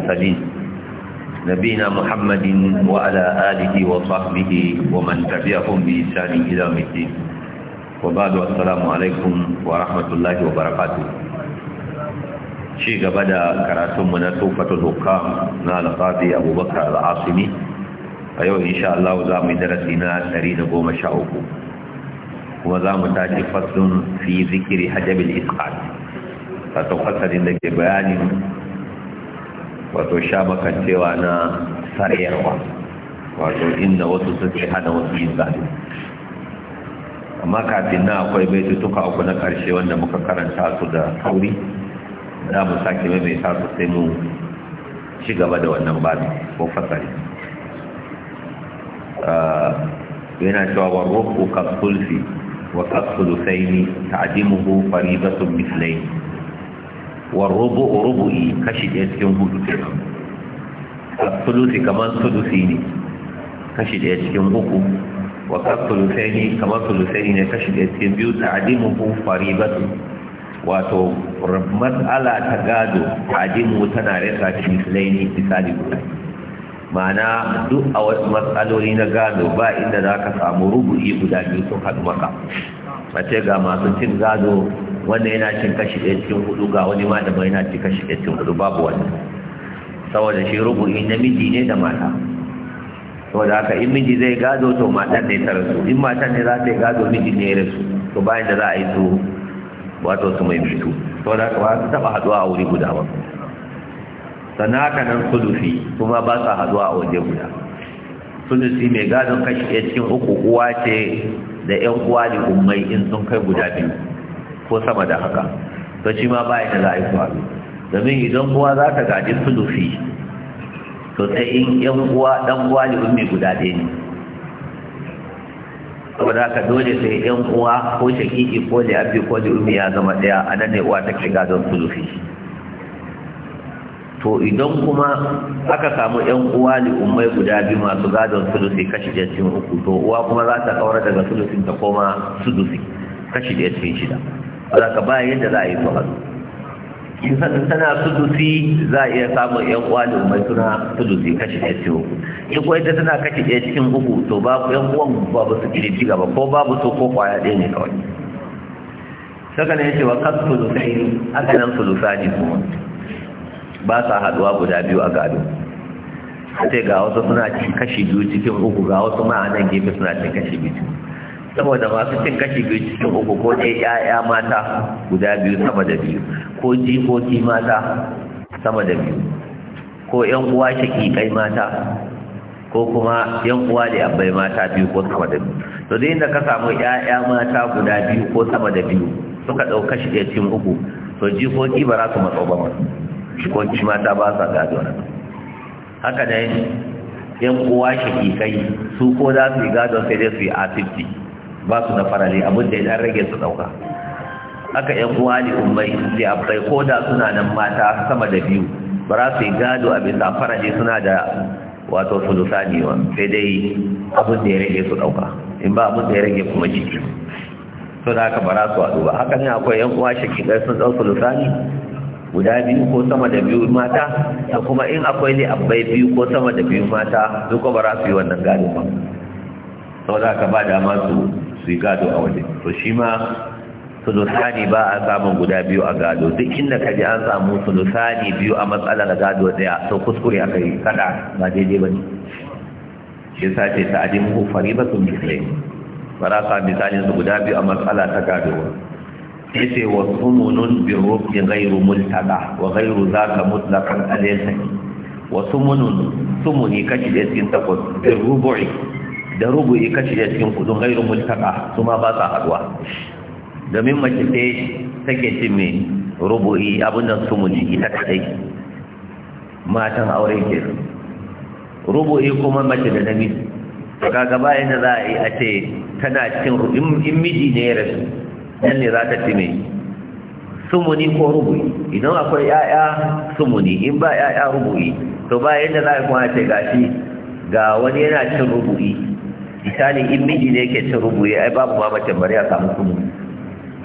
hadi nabina muhammadin wa ala alihi wa sahbihi wa man tabi'ahum bi ihsani ila yaumiddin wa alaikum wa rahmatullahi wa barakatuh shi gaba da karatun mu na tufatu dukka na al-qadi abubakar al-asimi ayo insha Allah za mu darasi na sari da goma sha uku kuma za mu tafi fasdun fi zikri hajab al-isqat fa da ke bayanin wato sha na sarayarwa wato inda wasu suke hana wasu yin zaɓe amma kafin na akwai tutuka uku na ƙarshe wanda muka karanta su da sauri, za mu sake mai su sai mu ci gaba da wannan babi ko fasari ah, yana cewa wa ruhu kasulfi wa kasulusaini ta'dimuhu faridatun mislaini wa rubu'u rubu'i kashi ɗaya cikin hudu kenan sulusi kamar sulusi ne kashi ɗaya cikin uku wa ne kamar sulusaini ne kashi ɗaya cikin biyu ko faribatu wato matsala ta gado adimu tana rasa mislaini misali guda ma'ana duk a wasu matsaloli na gado ba inda za ka samu rubu'i guda biyu sun haɗu maka mace ga masu cin gado wanda yana cin kashi ɗaya cikin hudu ga wani ma da yana cin kashi ɗaya cikin hudu babu wani saboda shi rubu'i namiji ne da mata saboda haka in miji zai gado to matan ne ta rasu in matan ne za ta yi gado miji ne ya rasu to bayan da za a yi su wato su mai mutu saboda haka ba su taɓa haɗuwa a wuri guda ba sannan haka nan sulufi kuma ba su haɗuwa a waje guda sulufi mai gadon kashi ɗaya cikin uku uwa ce da 'yan uwa ne ummai in sun kai guda biyu ko sama da haka to shi ma ba da za a yi faru domin idan uwa za ta gaji sulufi to sai in yan uwa dan uwa mai guda ɗaya ne saboda haka dole sai yan uwa ko shakiki ko da abu ko da ummi ya zama ɗaya a nan ne uwa ta shiga don sulufi to idan kuma aka samu yan uwa ne ummai guda biyu masu gadon sulusi kashi da cikin uku to uwa kuma za ta kawar daga sulusin ta koma sulusi kashi da cikin shida za ka ba yadda za a yi su haɗu in tana sudusi za a iya samun yan kwalin mai suna sudusi kashi ɗaya ce uku in kuwa ita tana kashi ɗaya cikin uku to babu yan uwan babu su ji gaba ko babu su ko kwaya ɗaya ne kawai saka ne ce wa kan sulusai aka nan sulusani kuma ba sa haɗuwa guda biyu a gado sai ga wasu suna cikin kashi biyu cikin uku ga wasu nan gefe suna cin kashi biyu saboda masu cin kashi biyu cikin uku ko ɗaya ƴaƴa mata guda biyu sama da biyu ko jikoki mata sama da biyu ko ƴan uwa shaƙiƙai mata ko kuma ƴan uwa da abbai mata biyu ko sama da biyu to dai inda ka samu ƴaƴa mata guda biyu ko sama da biyu suka ɗau kashi ɗaya cikin uku to jikoki ba za su matso ba masu jikoki mata ba sa gado haka dai ƴan uwa shaƙiƙai su ko za su yi gado sai dai su yi asibiti ba su da farale abin da ya rage su dauka aka yan uwa ne umbai da abai ko da suna nan mata sama da biyu ba za su yi gado a bisa farale suna da wato ne wa sai dai abin da ya rage su dauka in ba abin da ya rage kuma jiki to da aka ba za su haɗu ba haka ne akwai yan uwa shakidar sun ɗau sulusani guda biyu ko sama da biyu mata da kuma in akwai ne abai biyu ko sama da biyu mata duk ba za su yi wannan gado ba sau da aka ba da masu su yi gado a waje to shi ma sulusani ba a samun guda biyu a gado duk inda ka ji an samu sulusani biyu a matsalar gado daya to kuskure aka yi kada ba daidai ba ne shi sa ce ta adin fari ba sun misle ba za ka misalin su guda biyu a matsala ta gado sai ce wa sumunun bi rufi gairu multaka wa gairu za ka mutlakan alaisa wa sumunun sumuni kashi ɗaya cikin takwas bi rubu'i da rubu'i kashe da cikin kudin gairun multaka su ma ba sa haduwa domin mace sai take cin mai rubu'i abinda su muni ita kadai matan aure ke rubu'i kuma mace da nami to kaga bayan da za a yi a ce tana cin in miji ne ya rasu nan ne za ta ci mai sumuni ko rubu'i idan akwai ya'ya sumuni in ba ya'ya rubu'i to bayan da za a kuma ce gashi ga wani yana cin rubu'i misali in miji ne yake cin rubu'i ai babu ma mace bari a samu kuma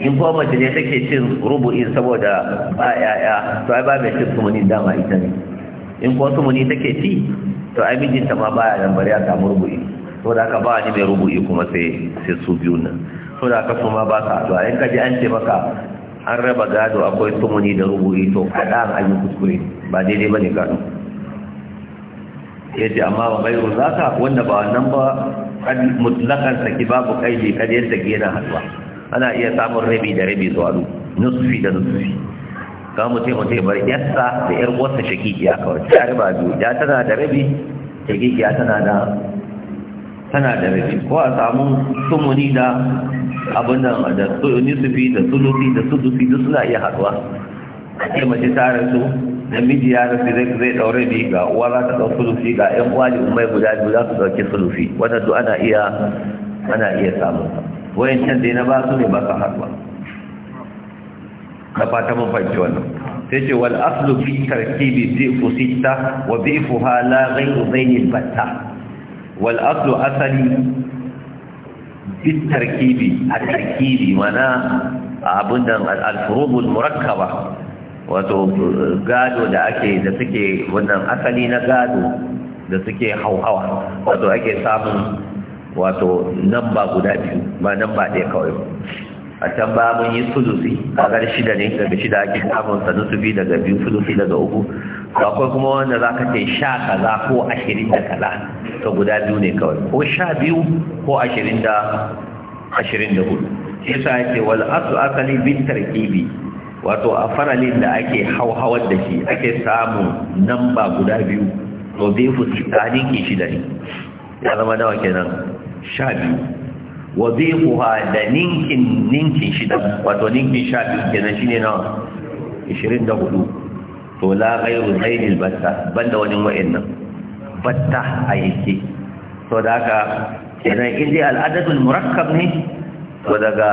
in ko mace ne take cin rubu'in saboda ba yaya to ai ba mai cin kuma ni dama ita ne in ko kuma ni take ci to ai ta ma baya nan bari a samu rubu to da ka ba ni mai rubu'i kuma sai sai su biyu nan to da ka kuma ba ka to ai ka ji an ce maka an raba gado akwai tumuni da rubu to kada an yi kuskure ba daidai ba ne gado yadda amma ba gairu zaka wanda ba wannan ba kad mutlaqan saki babu kaidi kad yadda gina hatwa ana iya samun rabi da rabi zuwa nusfi da nusfi ka mutum mutum bar yassa da yar wata shakikiya kawai ta riba biyu ya tana da rabi shakikiya tana da tana da rabi ko a samu sumuni da abin nan da nusfi da sulufi da sudufi duk suna iya haɗuwa a ce mace ta rasu namiji ya rasu zai daure bi ga uwa za ta ɗau sulufi ga ƴan uwa da umai guda biyu za su ɗauki sulufi wannan duk ana iya ana iya samun wayan can dai na ba su ne ba san haɗuwa na fata mun fahimci wannan sai ce wal aslu fi tarkibi dhifu sitta wa dhifuha hala ghayru bainil batta wal aslu asali fi tarkibi a tarkibi mana abun nan al-furud al-murakkaba wato gado da ake da suke wannan asali na gado da suke hauhawa wato ake samun wato namba guda biyu ba namba ɗaya kawai a can ba mun yi sulusi gar shida ne daga shida ake samun bi daga biyu sulusi daga uku akwai kuma wanda za ka ce sha kaza ko ashirin da kaza to guda biyu ne kawai ko sha biyu ko ashirin da ashirin da hudu shi sa yake wal asu asali bin tarkibi wato a faralin da ake hauhawar da shi ake samun ba guda biyu to wazifu tsanin ke shida ne ya zama nawa kenan sha biyu Wa wazifu ha da ninkin ninkin shida wato ninkin sha biyu kenan shi ne nawa ishirin da hudu to la gairu zainin batta ban da wani nan batta a yake to da haka kenan inda dai murakkab ne to daga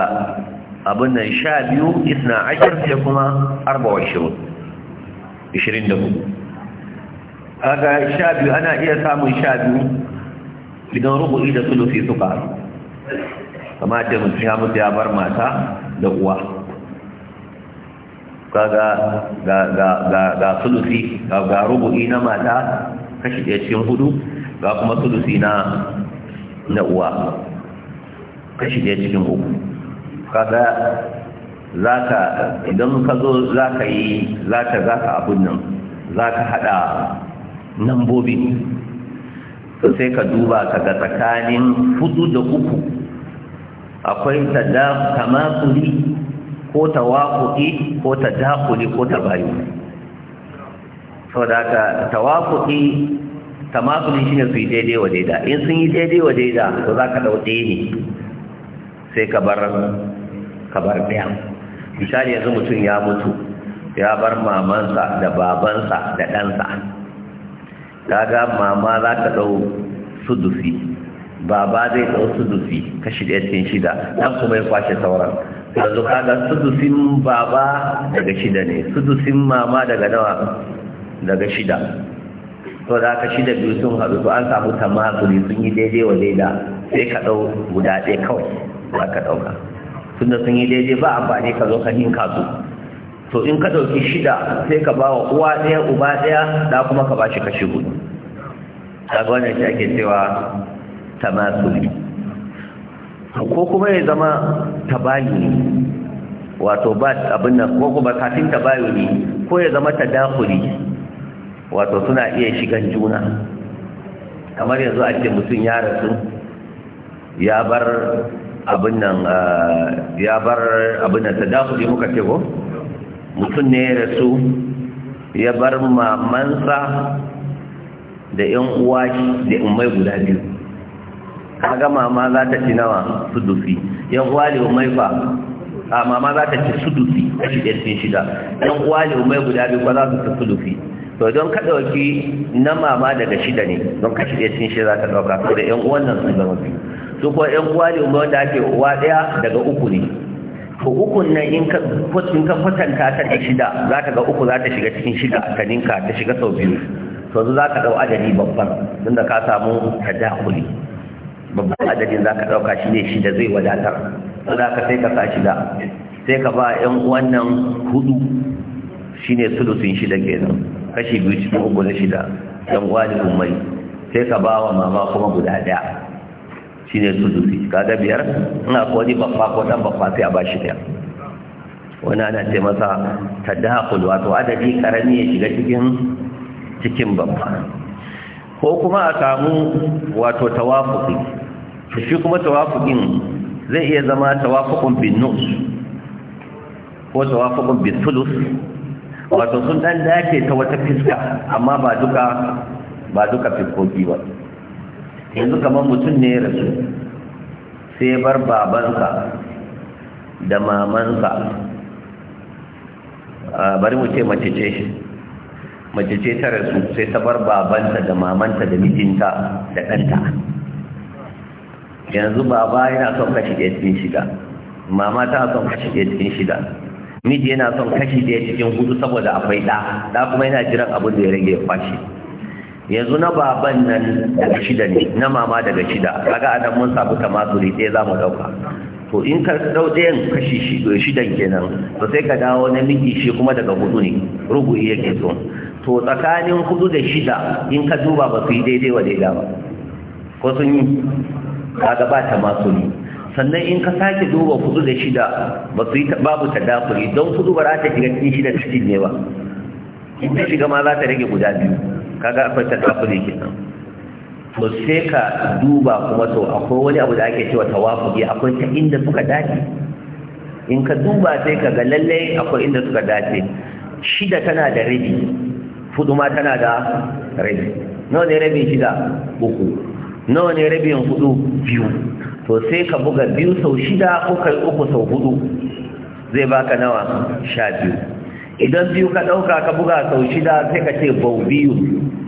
abin nan sha biyu isna ashir da kuma arba wa ishirin ishirin da hudu ga sha biyu ana iya samun sha biyu idan rubu'i da sulufi suka haru kama da mutum ya mutu ya bar mata da uwa ga sulufi ga rubu'i na mata kashi ɗaya cikin hudu ga kuma sulufi na na uwa kashi ɗaya cikin hudu kada za ka idan ka zo za ka yi za ka za ka abin nan za ka haɗa nambobi to sai ka duba ka ga tsakanin hudu da uku akwai tada tamakuli ko tawakuki ko tadakuli ko tabayu saboda ka tawakuki tamakuli shine su yi daidai wa daida in sun yi daidai wa daida to za ka ɗau ne sai ka bar kabar bar ɗaya misali yanzu mutum ya mutu ya bar mamansa da babansa da ɗansa daga mama za ta ɗau sudufi baba zai ɗau sudufi kashi ɗaya cikin shida ɗan kuma ya kwashe sauran yanzu kaga sudufin baba daga shida ne sudufin mama daga nawa daga shida to da aka shida biyu sun haɗu to an samu tamazuri sun yi daidai wa daida sai ka ɗau guda ɗaya kawai za ka ɗauka tunda sun yi daidai ba amfani ka zo ka ninka su to in ka ɗauki shida sai ka ba wa uwa ɗaya uba ɗaya da kuma ka ba shi kashi hudu daga wannan shi ake cewa tamasuli ko kuma ya zama tabayuni wato ba abin nan ko kuma kafin ne? ko ya zama tadakuli wato suna iya shigan juna kamar yanzu a ce mutum ya rasu ya bar abin nan ah, ya bar abin nan ta dakuli muka ce mutum ne ya rasu ya bar mamansa da yan uwa da umai guda biyu kaga mama za ta ci nawa dufi yan uwa da umai ba a mama za ta ci dufi a shi ɗaya shida yan uwa da umai guda biyu ba za su ci dufi to don ka ɗauki na mama daga shida ne don ka shi ɗaya shida za ta ɗauka ko da yan uwan nan su zama biyu su ko yan uwa ne wanda ake uwa daya daga uku ne to ukun nan in ka ka kwatanta ta da shida za ka ga uku za ta shiga cikin shida ka kaninka ta shiga sau biyu to yanzu za ka dau adadi babban tunda ka samu tadakuli babban adadin za ka dauka shi ne shida zai wadatar za ka sai ka sa shida sai ka ba yan uwan nan hudu shine sulusun shida kenan kashi biyu cikin uku na shida yan uwa ne ummai sai ka ba wa mama kuma guda daya shine sudusi kaga biyar ina ko wani babba ko dan babba sai a bashi daya wani ana ce masa tadakul wato adadi karami ya shiga cikin cikin babba ko kuma a samu wato tawafuki shi kuma tawafukin zai iya zama tawafukun bin nus ko tawafukun bin fulus wato sun dan dace ta wata fiska amma ba duka ba duka fiskoki ba yanzu kamar mutum ne ya rasu sai bar babansa da mamansa bari mu ce mace ce mace ce ta rasu sai ta bar babanta da mamanta da mijinta da ɗanta yanzu baba yana son kashi ɗaya cikin shida mama ta son kashi ɗaya cikin shida miji yana son kashi ɗaya cikin hudu saboda akwai ɗa ɗa kuma yana jiran abin da ya rage ya kwashe yanzu na baban nan daga shida ne na mama daga shida kaga adam mun samu masuri sai za mu dauka to in ka dau dayan kashi shidan kenan to sai ka dawo namiji shi kuma daga hudu ne rubu'i yake so to tsakanin hudu da shida in ka duba ba su yi daidai wa daidai ba ko sun yi kaga ba ta masuri sannan in ka sake duba hudu da shida ba su yi babu dafuri don hudu ba za ta shiga cikin shida cikin ne ba in ta shiga ma za ta rage guda biyu kaga akwai ne kenan to sai ka duba kuma to akwai wani abu da ake cewa tawafuki akwai ta inda suka dace in ka duba sai ka ga lalle akwai inda suka dace shida tana da rabi hudu ma tana da rabi nawa ne rabin shida uku nawa ne rabin hudu biyu to sai ka buga biyu sau shida ko kai uku sau hudu zai baka nawa sha biyu idan biyu ka ɗauka ka buga sau shida sai ka ce bau biyu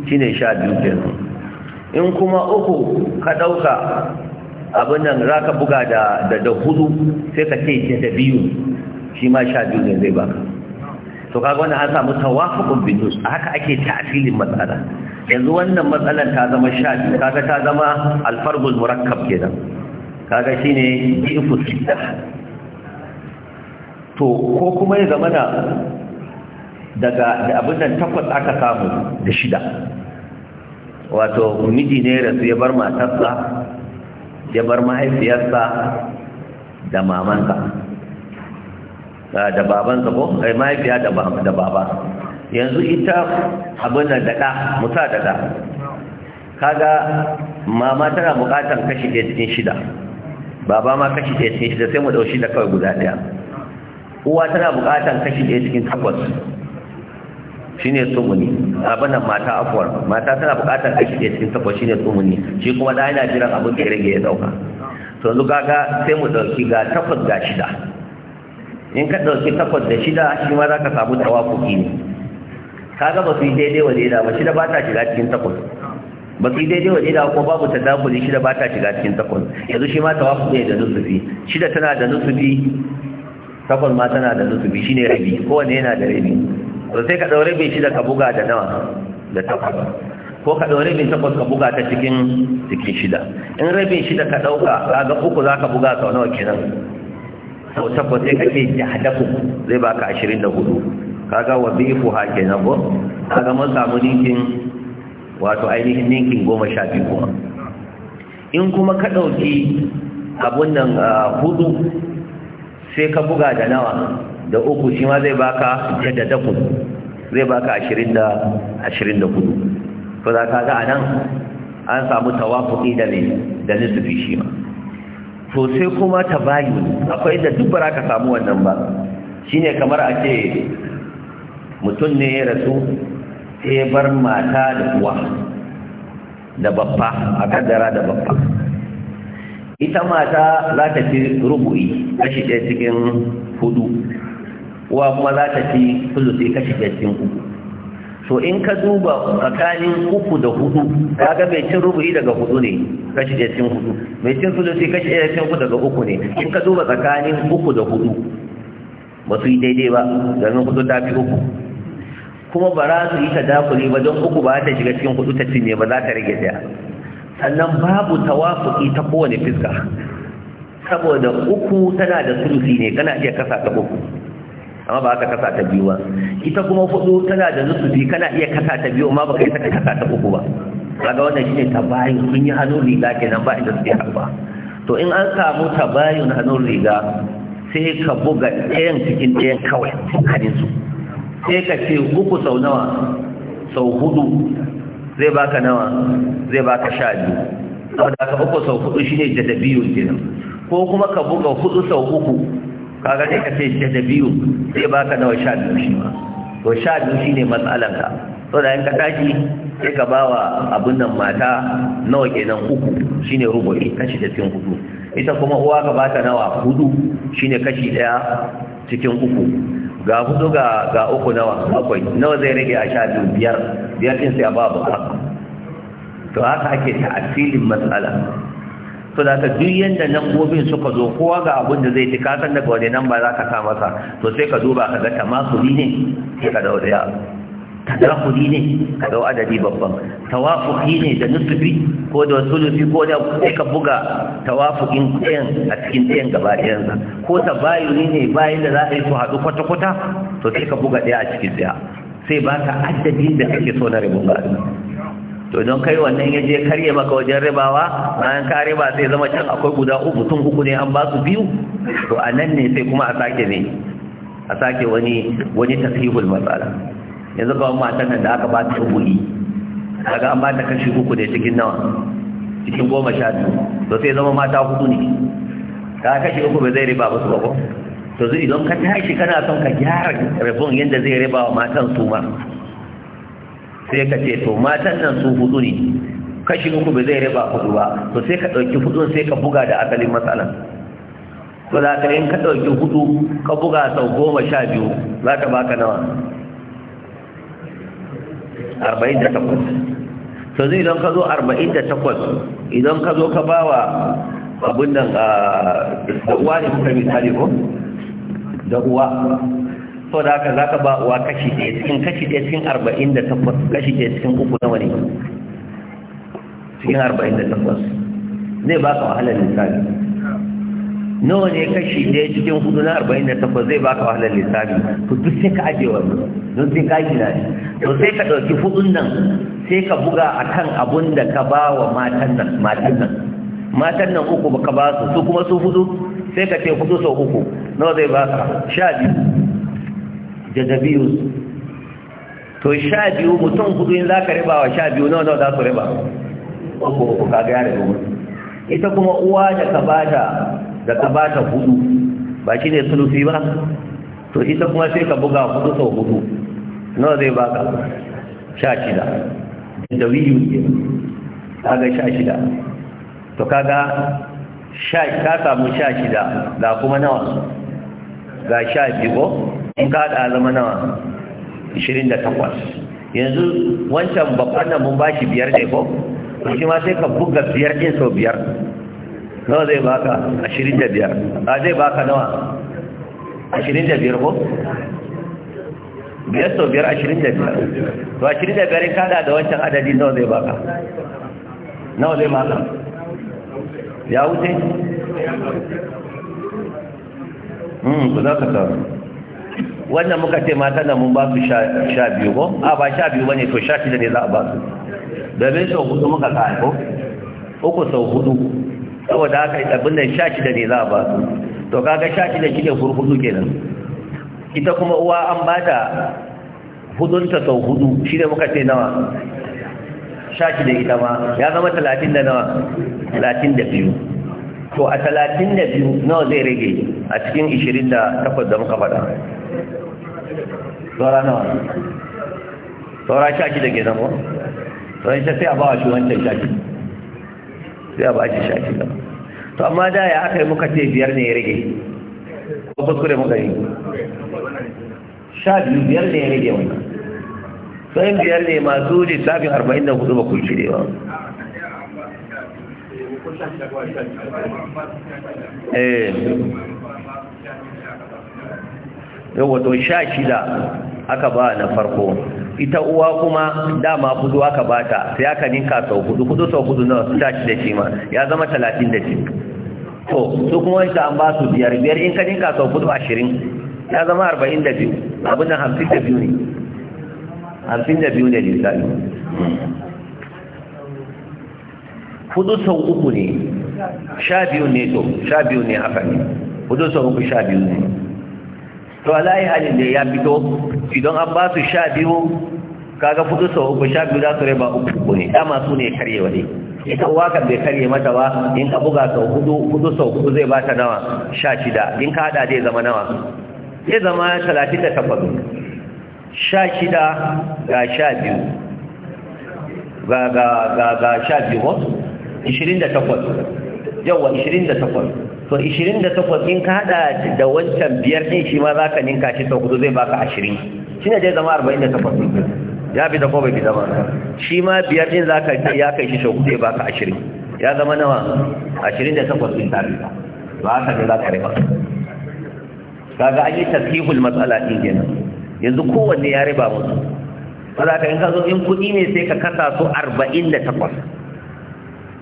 shine sha biyu kenan in kuma uku ka ɗauka abin nan za ka buga da da hudu sai ka ce da biyu shi ma sha biyu ne zai baka to kaga wani an samu tawafuqun bin a haka ake tasirin matsala yanzu wannan matsalan ta zama sha biyu kaga ta zama alfarqul murakkab kenan kaga shine ifu sita to ko kuma ya zama na daga da abin da takwas aka samu da shida wato miji ne rasu ya bar matarsa ya bar mahaifiyarsa da mamansa da babansa ko ai mahaifiya da baba yanzu ita abin da daɗa musa daɗa kaga mama tana buƙatar kashi ɗaya cikin shida baba ma kashi ɗaya cikin shida sai mu ɗau shida kawai guda ɗaya uwa tana buƙatar kashi ɗaya cikin takwas Shi ne tsumuni abin nan mata afuwar mata tana bukatar kashi ne cikin takwas ne tsumuni shi kuma da yana jiran abin da ya rage ya dauka to yanzu kaga sai mu dauki ga takwas ga shida in ka dauki takwas da shida shi ma za ka samu tawafuki ne kaga ba su yi daidai wa daidai ba shida ba ta shiga cikin takwas ba su yi daidai wa daidai ko babu ta dakuli shida ba ta shiga cikin takwas yanzu shi ma tawafuki ne da nusufi shida tana da nusufi takwas ma tana da nusufi ne rabi kowanne yana da rabi to sai ka ɗaure bin shida ka buga da nawa da takwas ko ka ɗaure bin takwas ka buga ta cikin cikin shida in rabin shida ka ɗauka ka ga uku za ka buga sau nawa kenan sau takwas sai kake jahadaku zai baka ashirin da hudu kaga wa bifu ha kenan ko kaga mun samu ninkin wato ainihin ninkin goma sha biyu kuma in kuma ka ɗauki abun nan ah, hudu sai ka buga da nawa da uku shi ma zai baka jaddadakun zai baka ashirin da ashirin da hudu ko za ka ga a nan an samu tawafuki da ne da nisufi shi ma to sai kuma ta bayu akwai da duk baraka samu wannan ba Shi ne kamar a ce mutum ne ya rasu sai bar mata da kuwa. da babba a kaddara da babba ita mata za ta ci rubu'i kashi ɗaya cikin hudu Wa kuma za ta ci sulusi kashi cikin uku so in ka duba tsakanin uku da hudu ga mai cin rubu'i daga hudu ne kashi cikin hudu mai cin sulusi kashi cikin uku daga uku ne in ka duba tsakanin uku da hudu ba su yi daidai ba domin hudu ta fi uku kuma ba za su yi ta dakuli ba don uku ba ta shiga cikin hudu ta cinye ba za ta rage daya sannan babu tawafuki ta kowane fiska saboda uku tana da sulusi ne kana iya kasa ta uku amma ba ka kasa ta biyu ba ita kuma hudu tana da nusufi kana iya kasa ta biyu amma ka isa ka kasa ta uku ba kaga wannan shine tabayun sun yi hannun riga kenan ba inda suke harba to in an samu tabayun hannun riga sai ka buga ɗayan cikin ɗayan kawai hannun su sai ka ce uku sau nawa sau hudu zai baka nawa zai baka sha biyu saboda ka uku sau hudu shine da dabiyun kenan ko kuma ka buga hudu sau uku kaga dai ka ce shi da biyu sai baka nawa sha biyu shi ma to sha biyu shine ka to da in ka tashi sai ka bawa abin nan mata nawa kenan uku shine ne kashi da cikin hudu ita kuma uwa ka bata nawa hudu shine kashi daya cikin uku ga hudu ga ga uku nawa akwai nawa zai rage a sha biyu biyar biyar din sai a ba haka, to haka ake ta'asilin matsala so da ka duk yanda nambobin suka zo kowa ga abin da zai tika ka san daga wani namba za ka sa masa to sai ka duba ka ga tamasuli ne sai ka dawo da ya tadakuli ne ka dawo adadi babban tawafuki ne da nusufi ko da sulufi ko da sai ka buga tawafukin tsayin a cikin tsayin gaba ɗayansa ko ta tabayuni ne bayan da za a yi su haɗu kwata-kwata to sai ka buga ɗaya a cikin ɗaya sai ba ka adadin da kake so na ribin to don kai wannan ya je karye maka wajen ribawa bayan ka riba sai zama can akwai guda uku tun uku ne an ba su biyu to a nan ne sai kuma a sake ne a sake wani wani tasihul matsala yanzu kawai matan nan da aka ba ta rubuɗi daga an ba ta kashi uku ne cikin nawa cikin goma sha biyu to sai zama mata hudu ne ka kashi uku bai zai riba musu ba ko to zai idan ka tashi kana son ka gyara rabon yadda zai riba wa matan su ma sai ka ce to matan nan su hudu ne kashi uku bai zai riba hudu ba to sai ka ɗauki hudun sai ka buga da asalin matsalan to za ka in ka ɗauki hudu ka buga sau goma sha biyu za ka baka nawa arba'in da takwas to zai idan ka zo arba'in da takwas idan ka zo ka ba wa abin nan a ah, da uwa ne kuka misali ko da uwa so da haka zaka ba uwa kashi ɗaya cikin kashi ɗaya cikin arba'in da takwas kashi ɗaya cikin uku nawa ne cikin arba'in da takwas zai baka wahalar lissafi nawa ne kashi ɗaya cikin hudu na arba'in da takwas zai baka wahalar lissafi to duk sai ka ajiye wannan don sai ka gina ne to sai ka ɗauki hudun nan sai ka buga a kan abun da ka ba wa matan nan matan nan matan nan uku ba ka ba su su kuma su hudu sai ka ce hudu sau uku nawa zai baka sha biyu jazabiyus to sha biyu mutum hudu in za ka riba wa sha biyu nawa nawa za su riba uku uku kaga ya riba ita kuma uwa da ka bata da ka hudu ba shi ne sulufi ba to ita kuma sai ka buga hudu sau hudu nawa zai baka sha shida da wiyu ke kaga sha shida to kaga sha ka samu sha shida da kuma nawa ga sha biyu in ka haɗa zama nawa ishirin da takwas yanzu wancan babban nan mun ba shi biyar ne ko shi ma sai ka buga biyar ɗin sau biyar nawa zai baka ashirin da biyar a zai baka nawa ashirin da biyar ko biyar sau biyar ashirin da biyar to ashirin da biyar in ka haɗa da wancan adadi nawa zai baka nawa zai baka ya wuce Hmm, ba za ka samu wannan muka ce mata na mun ba su sha biyu ko a ba sha biyu ba ne to sha shida ne za a ba su domin sau hudu muka ka ko uku sau hudu saboda haka abin nan sha shida ne za a ba su to kaga sha shida shi ne hurhudu kenan ita kuma uwa an ba da hudunta sau hudu shi ne muka ce nawa sha shida ita ma ya zama talatin da nawa talatin da biyu to a talatin da biyu nawa zai rage a cikin 28 da muka faɗa tsora nawa tsora shaki da ke nan ko shi sai a ba shi wancan shaki sai a ba shi shaki da to amma da ya aka yi muka biyar ne ya rage ko kuskure muka yi sha biyu biyar ne ya rage wani. sai biyar ne masu lissafin arba'in da hudu ba ku shirye ba eh yau to sha shida aka ba na farko ita uwa kuma dama hudu aka ba ta. sai aka ninka sau hudu hudu sau hudu na sha shida shi ma ya zama talatin da shi to su kuma wanda an ba su biyar biyar in ka ninka sau hudu ashirin ya zama arba'in da biyu abin nan hamsin da biyu ne hamsin da biyu ne lissafi hudu sau uku ne sha biyu ne to sha biyu ne haka ne hudu sau uku sha biyu ne to alayi halin da ya fito idan an ba su sha biyu kaga fito sau uku sha biyu za su raba uku uku ne dama su ne karye wa ne ita wakar bai karye mata ba in ka buga sau hudu fudu sau hudu zai ba ta nawa sha shida in ka hada zai zama nawa zai zama talatin da takwas sha shida ga sha biyu ga ga ga sha biyu ishirin da takwas yawa ishirin da takwas to 28 in ka hada da wancan biyar din shi ma zaka ninka shi sau kudu zai baka 20 shine zai zama 48 ya bi da ko bai bi zama shi ma biyar din zaka ya kai shi sau kudu zai baka 20 ya zama nawa 28 din tare ba haka ne zaka riba kaga an yi tasihul matsala din kenan yanzu kowanne ya riba mu. saboda in ka zo in kudi ne sai ka kasa su 48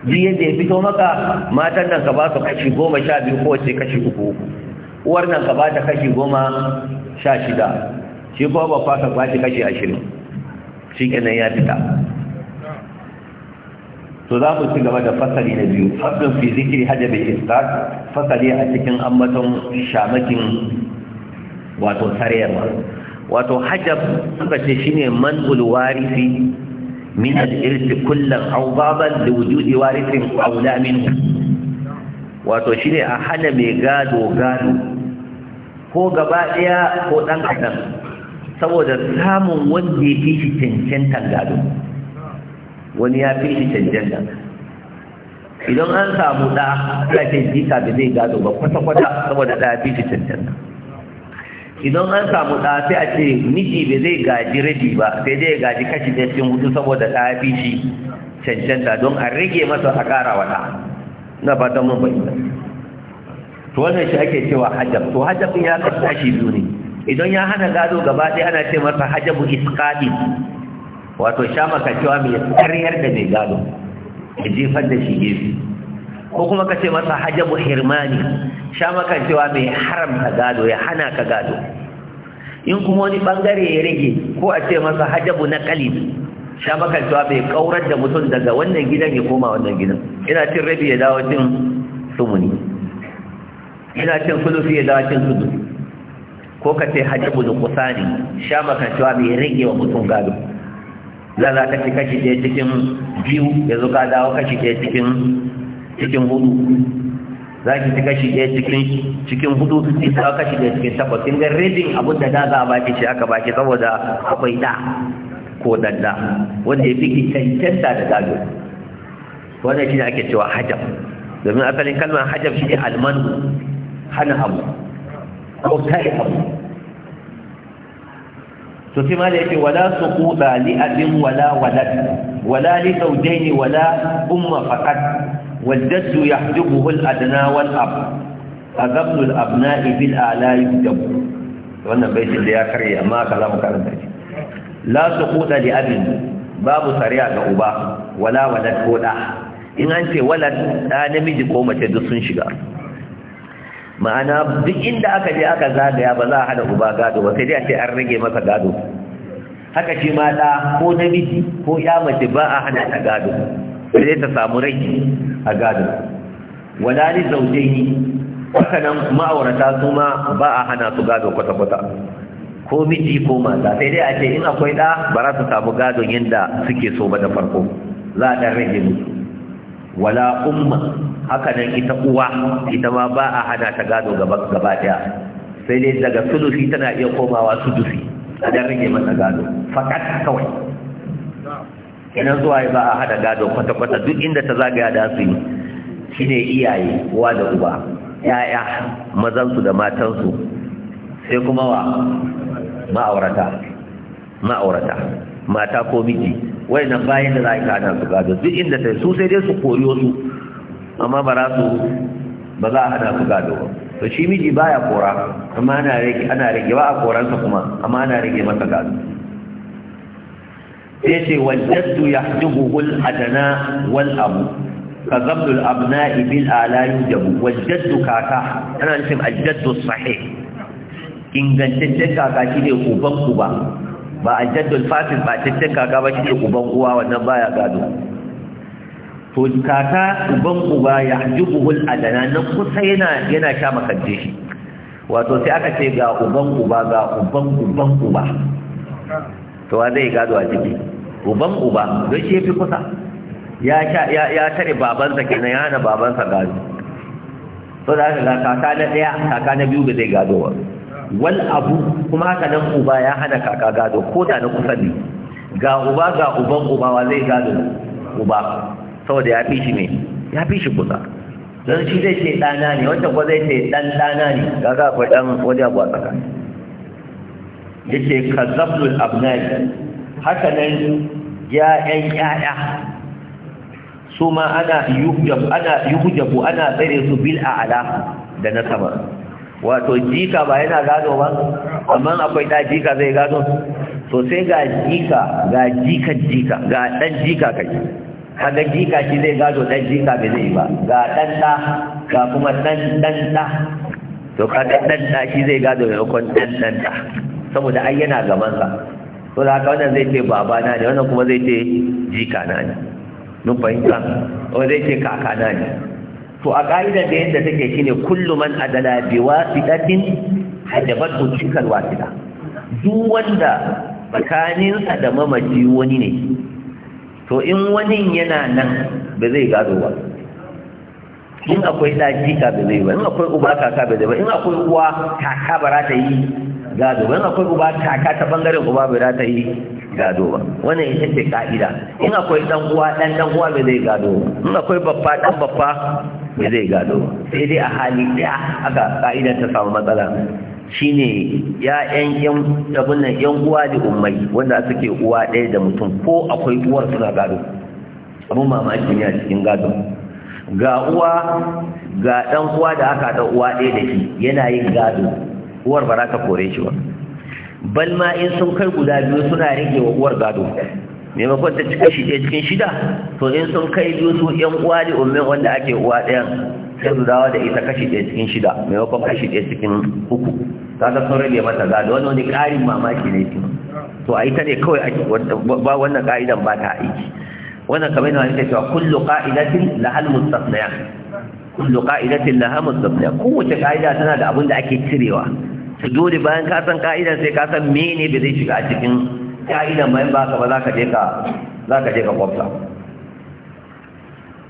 duk yadda ya fito maka matan nan ka ba su kashi goma sha biyu ko wace kashi uku uwar nan ka ba ta kashi goma sha shida shi kuma ba fasa ba shi kashi ashirin shi kenan ya fita to za mu ci gaba da fasali na biyu fasalin fi zikiri hajjar bai iskar fasali a cikin ambaton shamakin wato sarayarwa wato hajjab suka ce shine man ulwarisi من الإرث كلا أو بعضا لوجود وارث أو لا منه وتشري أحد ميقاد وقالوا هو قبائيا هو تنكتن saboda samun wanda ya fi shi gado wani ya fi idan an samu ɗa ya jika da zai gado ba kwata-kwata saboda ɗa ya fi shi idan an samu ɗa sai a ce miji bai zai gaji rabi ba sai dai gaji kashi ɗaya cikin hudu saboda ɗa fi shi cancanta don a rage masa a ƙara wa ɗa na fatan mun bayyana to wannan shi ake cewa hajab to hajabin ya kasu kashi biyu ne idan ya hana gado gaba ɗaya ana ce masa hajabu isqadi wato sha maka cewa mai ƙaryar da mai gado ya jefar da shi gefe ko kuma ka ce masa hajabu hirmani sha makan cewa mai haramta gado ya hana ka gado in kuma wani bangare ya rage ko a ce masa hajabu na kalibi sha makan cewa mai kaurar da mutum daga wannan gidan ya koma wannan gidan ina cin rabi ya dawo cin sumuni ina cin sulusi ya dawo cin sudu. ko ka ce hajjabu da kusani sha cewa mai rage wa mutum gado za za ka ci kashi ɗaya cikin biyu ya zo ka dawo kashi ɗaya cikin cikin hudu za ki ci kashi ɗaya cikin cikin hudu ki ta kashi ɗaya cikin takwas kin ga rabin abin da da za a baki shi aka baki saboda akwai da ko ɗanɗa. wanda ya fi ki cancanta da gado wannan shi ne ake cewa hajab domin asalin kalmar hajab shi ne almanu hana abu ko kare abu to sai ma da yake wala suquda li abin wala walad wala li zawjaini wala umma fakat والجد يحجبه Wannan والأب أذبن الأبناء بالآلاء يجب وانا بيت اللي أكري أما كلام كلام لا سقوط babu باب سريع لأبا wala wala ولا in an ce walad ɗa namiji ko mace duk sun shiga ma'ana duk inda aka je aka zagaya ba za a hada uba gado ba sai dai a ce an rage masa gado haka shi ma ɗa ko namiji ko ya mace ba a hana ta gado sai ta samu rai a gado wala ni zawjaini haka nan ma'aurata su ma ba a hana su gado kwata-kwata ko miji ko mata sai dai a ce in akwai da ba za su samu gadon yadda suke so ba da farko za a ɗan rage musu wala umma haka nan ita uwa ita ma ba a hana ta gado gaba daya sai dai daga sulusi tana iya komawa dufi. a dan rage mata gado fakat kawai kenan zuwa ba a hada gado kwata-kwata duk inda ta zagaya da su yi shi ne iyaye wa da uba ya'ya mazansu da matansu sai kuma wa ma'aurata ma'aurata mata ko miji wai nan bayan da za a yi hada su gado duk inda ta su sai dai su kori wasu amma ba za su ba za a hada su gado ba to shi miji baya kora amma ana rage ana rage ba a koransa kuma amma ana rage masa gado sai ce wal jaddu yahduhu al adana wal abu ka zabdul abna'i bil ala yujabu wal jaddu kaka ana nufin al jaddu sahih ingantaccen kaka shine uban uba ba al jaddu fasin ba taccen kaka ba shine uban uwa wannan baya gado to kaka uban uba yahduhu al adana nan kusa yana yana sha makanje shi wato sai aka ce ga uban uba ga uban uban uba to wa zai gado a ciki uban uba don shi ya fi kusa ya tare babansa kenan ya hana babansa gado so da haka kaka na ɗaya kaka na biyu ba zai gado ba wal abu kuma haka nan uba ya hana kaka gado ko da na kusa ne ga uba ga uban uba wa zai gado uba saboda ya fi shi ne ya fi shi kusa don shi zai ce ɗana ne wanda ko zai ce ɗan ɗana ne ga ga fa dan wani abu a tsakani yake ka abnai haka nan ya'yan ya'ya su ma ana yuhjab ana yuhjabu ana tsare su bil a'la da na sama wato jika ba yana gado ba amma akwai da jika zai gado to sai ga jika ga jikan jika ga dan jika kai kaga jika shi zai gado dan jika bai zai ba ga dan da ga kuma dan dan da to kaga dan da shi zai gado ne kon dan dan da saboda ai yana gaban sa to da haka wannan zai ce baba na ne wannan kuma zai ce jika na ne mun fahimta wanda zai ce kaka na ne to a ka'idar da yadda take shine kullu man adala bi wasiqatin hajabatu tilkal wasiqa duk wanda tsakaninsa da mamaci wani ne to in wani yana nan ba zai gado ba in akwai ɗa jika ba zai ba in akwai uba kaka ba zai ba in akwai uwa kaka ba za ta yi gado wani akwai uba kaka ta bangaren uba bai za ta yi gado ba wannan ita ce ka'ida in akwai dan uwa dan dan uwa bai zai gado ba in akwai babba dan babba bai zai gado ba sai dai a hali ɗaya aka ka'ida ta samu matsala shine ya'yan yan abun nan yan uwa da ummai wanda suke uwa ɗaya da mutum ko akwai uwar suna gado abun mamaki ne a cikin gado ga uwa ga dan uwa da aka da uwa ɗaya da shi yana yin gado uwar ba za ka kore shi ba bal ma in sun kai guda biyu suna rage wa uwar gado maimakon ta cika shi ɗaya cikin shida to in sun kai biyu su yan uwa ne ummin wanda ake uwa ɗayan sai su dawo da ita kashi ɗaya cikin shida maimakon kashi ɗaya cikin uku kaga sun rage mata gado wani wani ƙarin mamaki ne to a ita ne kawai ba wannan ƙa'idan ba ta aiki wannan kamar yana nake cewa kullu qa'idatin lahal mustasnaya kullu qa'idatin laha mustasnaya kowace ka'ida tana da abin da ake cirewa sujudi bayan ka san ka'ida sai ka san mene ba zai shiga a cikin ka'idan bayan ba ka ba za ka je ka za ka je ka kwafta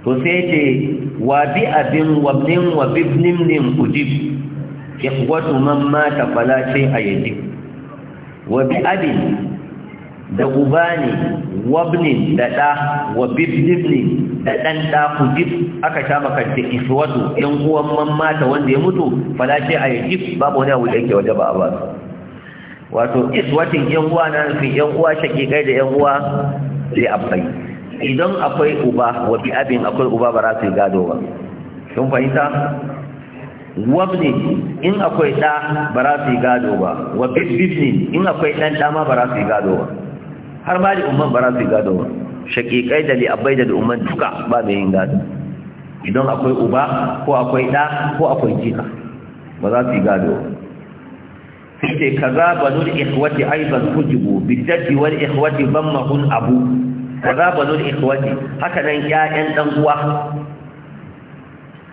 to sai ce wa bi abin wa bin wa bi nimnin ujib kwatu man mata fala a yanzu. wa bi abin da uba ne wabnin da ɗa wa bibnibni da ɗan ɗaku jif aka sha maka da iswatu ɗan uwan man mata wanda ya mutu fala ce a yi jif babu wani abu da yake waje ba ba wato iswatin yan uwa na nufin yan uwa shakikai da yan uwa li abai idan akwai uba wa bi abin akwai uba ba za su gado ba sun fahimta wabni in akwai ɗa ba za su gado ba wa bibni in akwai ɗan ɗa ma ba za su gado ba har ma da umman ba za su gado ba kai da abai da umman duka ba mai yin gado idan akwai uba ko akwai ɗa ko akwai jika ba za su yi gado sai kaza banul ikhwati aiban kujibu bidaddi wal ikhwati bammahun abu kaza banul ikhwati haka nan 'ya'yan dan uwa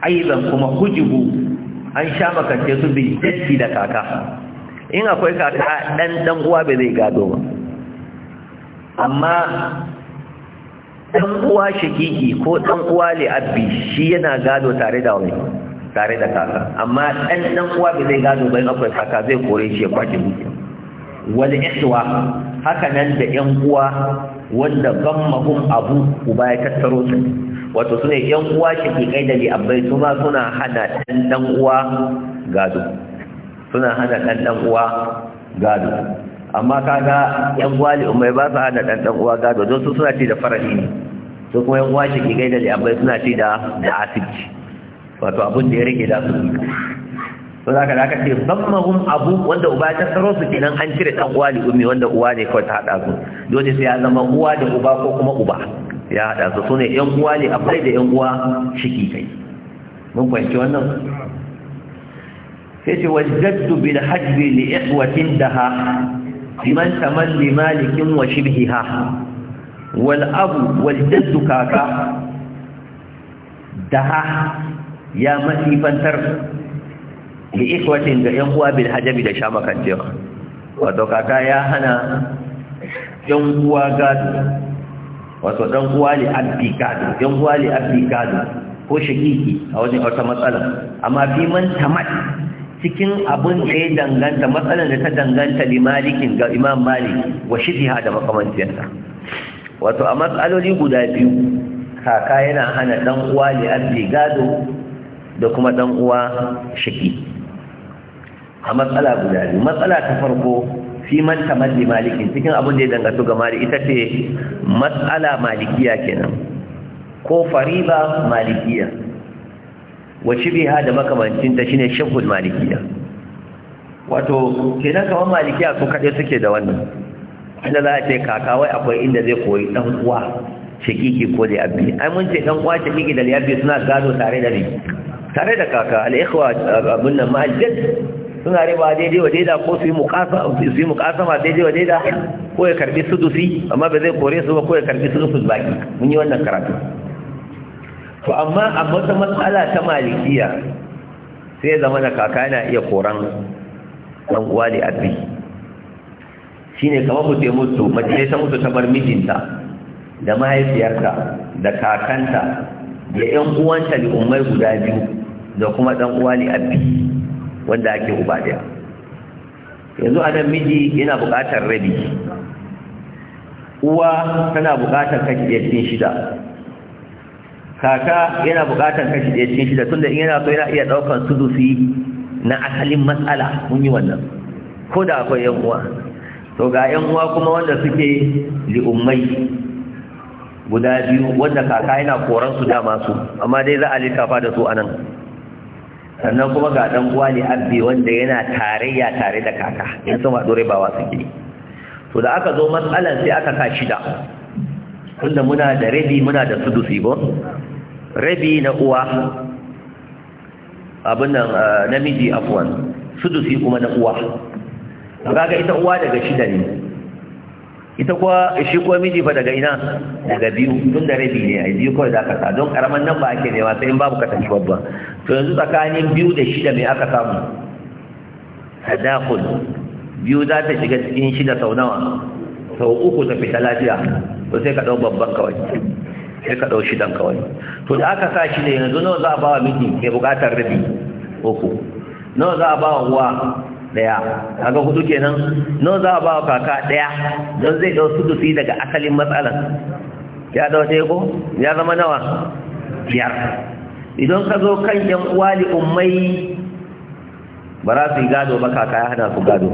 aiban kuma kujibu an sha makance su bidaddi da kaka in akwai kaka dan dan uwa bai zai gado ba amma Ɗan uwa shakiki ko ɗan uwa li'abbi shi yana gado tare da wani tare da kaka amma ɗan ɗan uwa bai zai gado bai akwai kaka zai kore shi ya kwace dukiya Wani ihwa haka nan da yan uwa wanda ban mahum abu uba ya tattaro su wato sune yan uwa shakikai da li'abbai su ma suna hana ɗan ɗan uwa gado suna hana ɗan ɗan uwa gado amma kaga yan gwali umai ba su hada dan dan uwa gado don su suna ci da farahi ne su kuma yan uwa shiki gaida da abai suna ci da da asibci wato abin da ya rage da su to zaka da aka ce bammahum abu wanda uba ta saro su kenan an cire dan gwali umai wanda uwa ne kawai ta hada su dole sai ya zama uwa da uba ko kuma uba ya hada su sune yan gwali ne abai da yan uwa shiki kai mun fahimci wannan sai ce wajaddu bil hajbi li ihwatin daha liman tamalli malikin wa shibhiha wal abu wal jaddu kaka daha ya masifantar da ikwatin ga yan uwa bil hajabi da shamakan jewa wato kaka ya hana yan uwa gado wato dan uwa li abdi gado yan uwa li abdi gado ko shakiki a wajen wata matsala amma fi man cikin abin da ya danganta matsalar da ta danganta malikin ga imam malik wa shifiha da makamantiyarsa wato a matsaloli guda biyu kaka yana hana dan uwa li'abdi gado da kuma dan uwa shiki a matsala guda biyu matsala ta farko fi man tamalli malikin cikin abin da ya danganta ga mali ita ce matsala malikiya kenan ko fariba malikiya wa shibiha da makamancin ta shine shakul malikiya wato kenan kamar malikiya su kaɗai suke da wannan inda za a ce kaka wai akwai inda zai koyi ɗan uwa shakiki ko da abbi ai mun ce ɗan uwa shakiki da yabbi suna gado tare da ni tare da kaka al'ikhwa abin nan ma'ajjad suna riba daidai wa daida ko su yi mukasama daidai wa daida ko ya karbi sudusi amma ba zai kore su ba ko ya karbi ba baki mun yi wannan karatu to amma a wata matsala ta malikiya sai zama na kaka yana iya koran ɗan uwa da abi ne kamar ku sai mutu mace ta mutu ta bar mijinta da mahaifiyarta da kakanta da ƴan uwanta da umar guda biyu da kuma ɗan uwa da abi wanda ake uba daya yanzu a nan miji yana buƙatar rabi uwa tana buƙatar kashi cikin shida kaka yana buƙatar kashi ɗaya cikin shida tunda in yana so yana iya ɗaukar sudusi na asalin matsala mun yi wannan ko da akwai yan uwa to ga yan uwa kuma wanda suke li'ummai guda biyu wanda kaka yana koran su dama su amma dai za a littafa da su anan sannan kuma ga dan uwa ne abbi wanda yana tarayya tare da kaka in sun haɗu ba suke to da aka zo matsalan sai aka ka shida tunda muna da rabi muna da sudusi ba rabi na uwa abin nan ah, namiji afwan sudusi kuma na uwa kaga ita uwa daga shida ne ita kuwa shi kuwa miji fa daga ina daga biyu tun da rabi ne a biyu kawai za ka sa don karaman nan ba ake nema sai in babu kasance babba to yanzu tsakanin biyu da shida mai aka samu tadakul biyu za ta shiga cikin shida sau nawa sau uku ta fita lafiya to sai ka ɗau babban kawai sai ka ɗau shidan kawai to da aka sa shi ne yanzu nawa za a ba wa miji ke buƙatar rabi uku nawa za a ba wa uwa ɗaya kaga hudu kenan nawa za a ba wa kaka ɗaya don zai ɗau sudusi daga asalin matsalan ya ɗau ɗaya ko ya zama nawa biyar idan ka zo kan yan uwa li ummai ba za su yi gado ba kaka ya hana su gado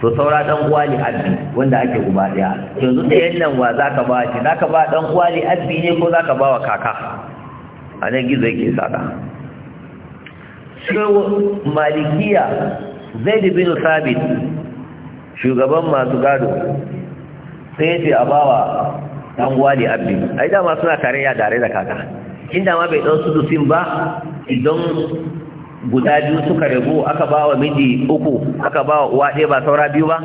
to saura dan uwa li abbi wanda ake guba daya yanzu da yannan wa zaka ba shi zaka ba dan uwa li abbi ne ko zaka ba wa kaka anan gizo yake saka sai malikiya zaid bin sabit shugaban masu gado sai ce a bawa dan uwa li abbi ai ma suna ya tare da kaka inda ma bai dan sudu sin ba idan guda biyu suka rabu aka ba wa miji uku aka ba wa uwa ɗaya ba saura biyu ba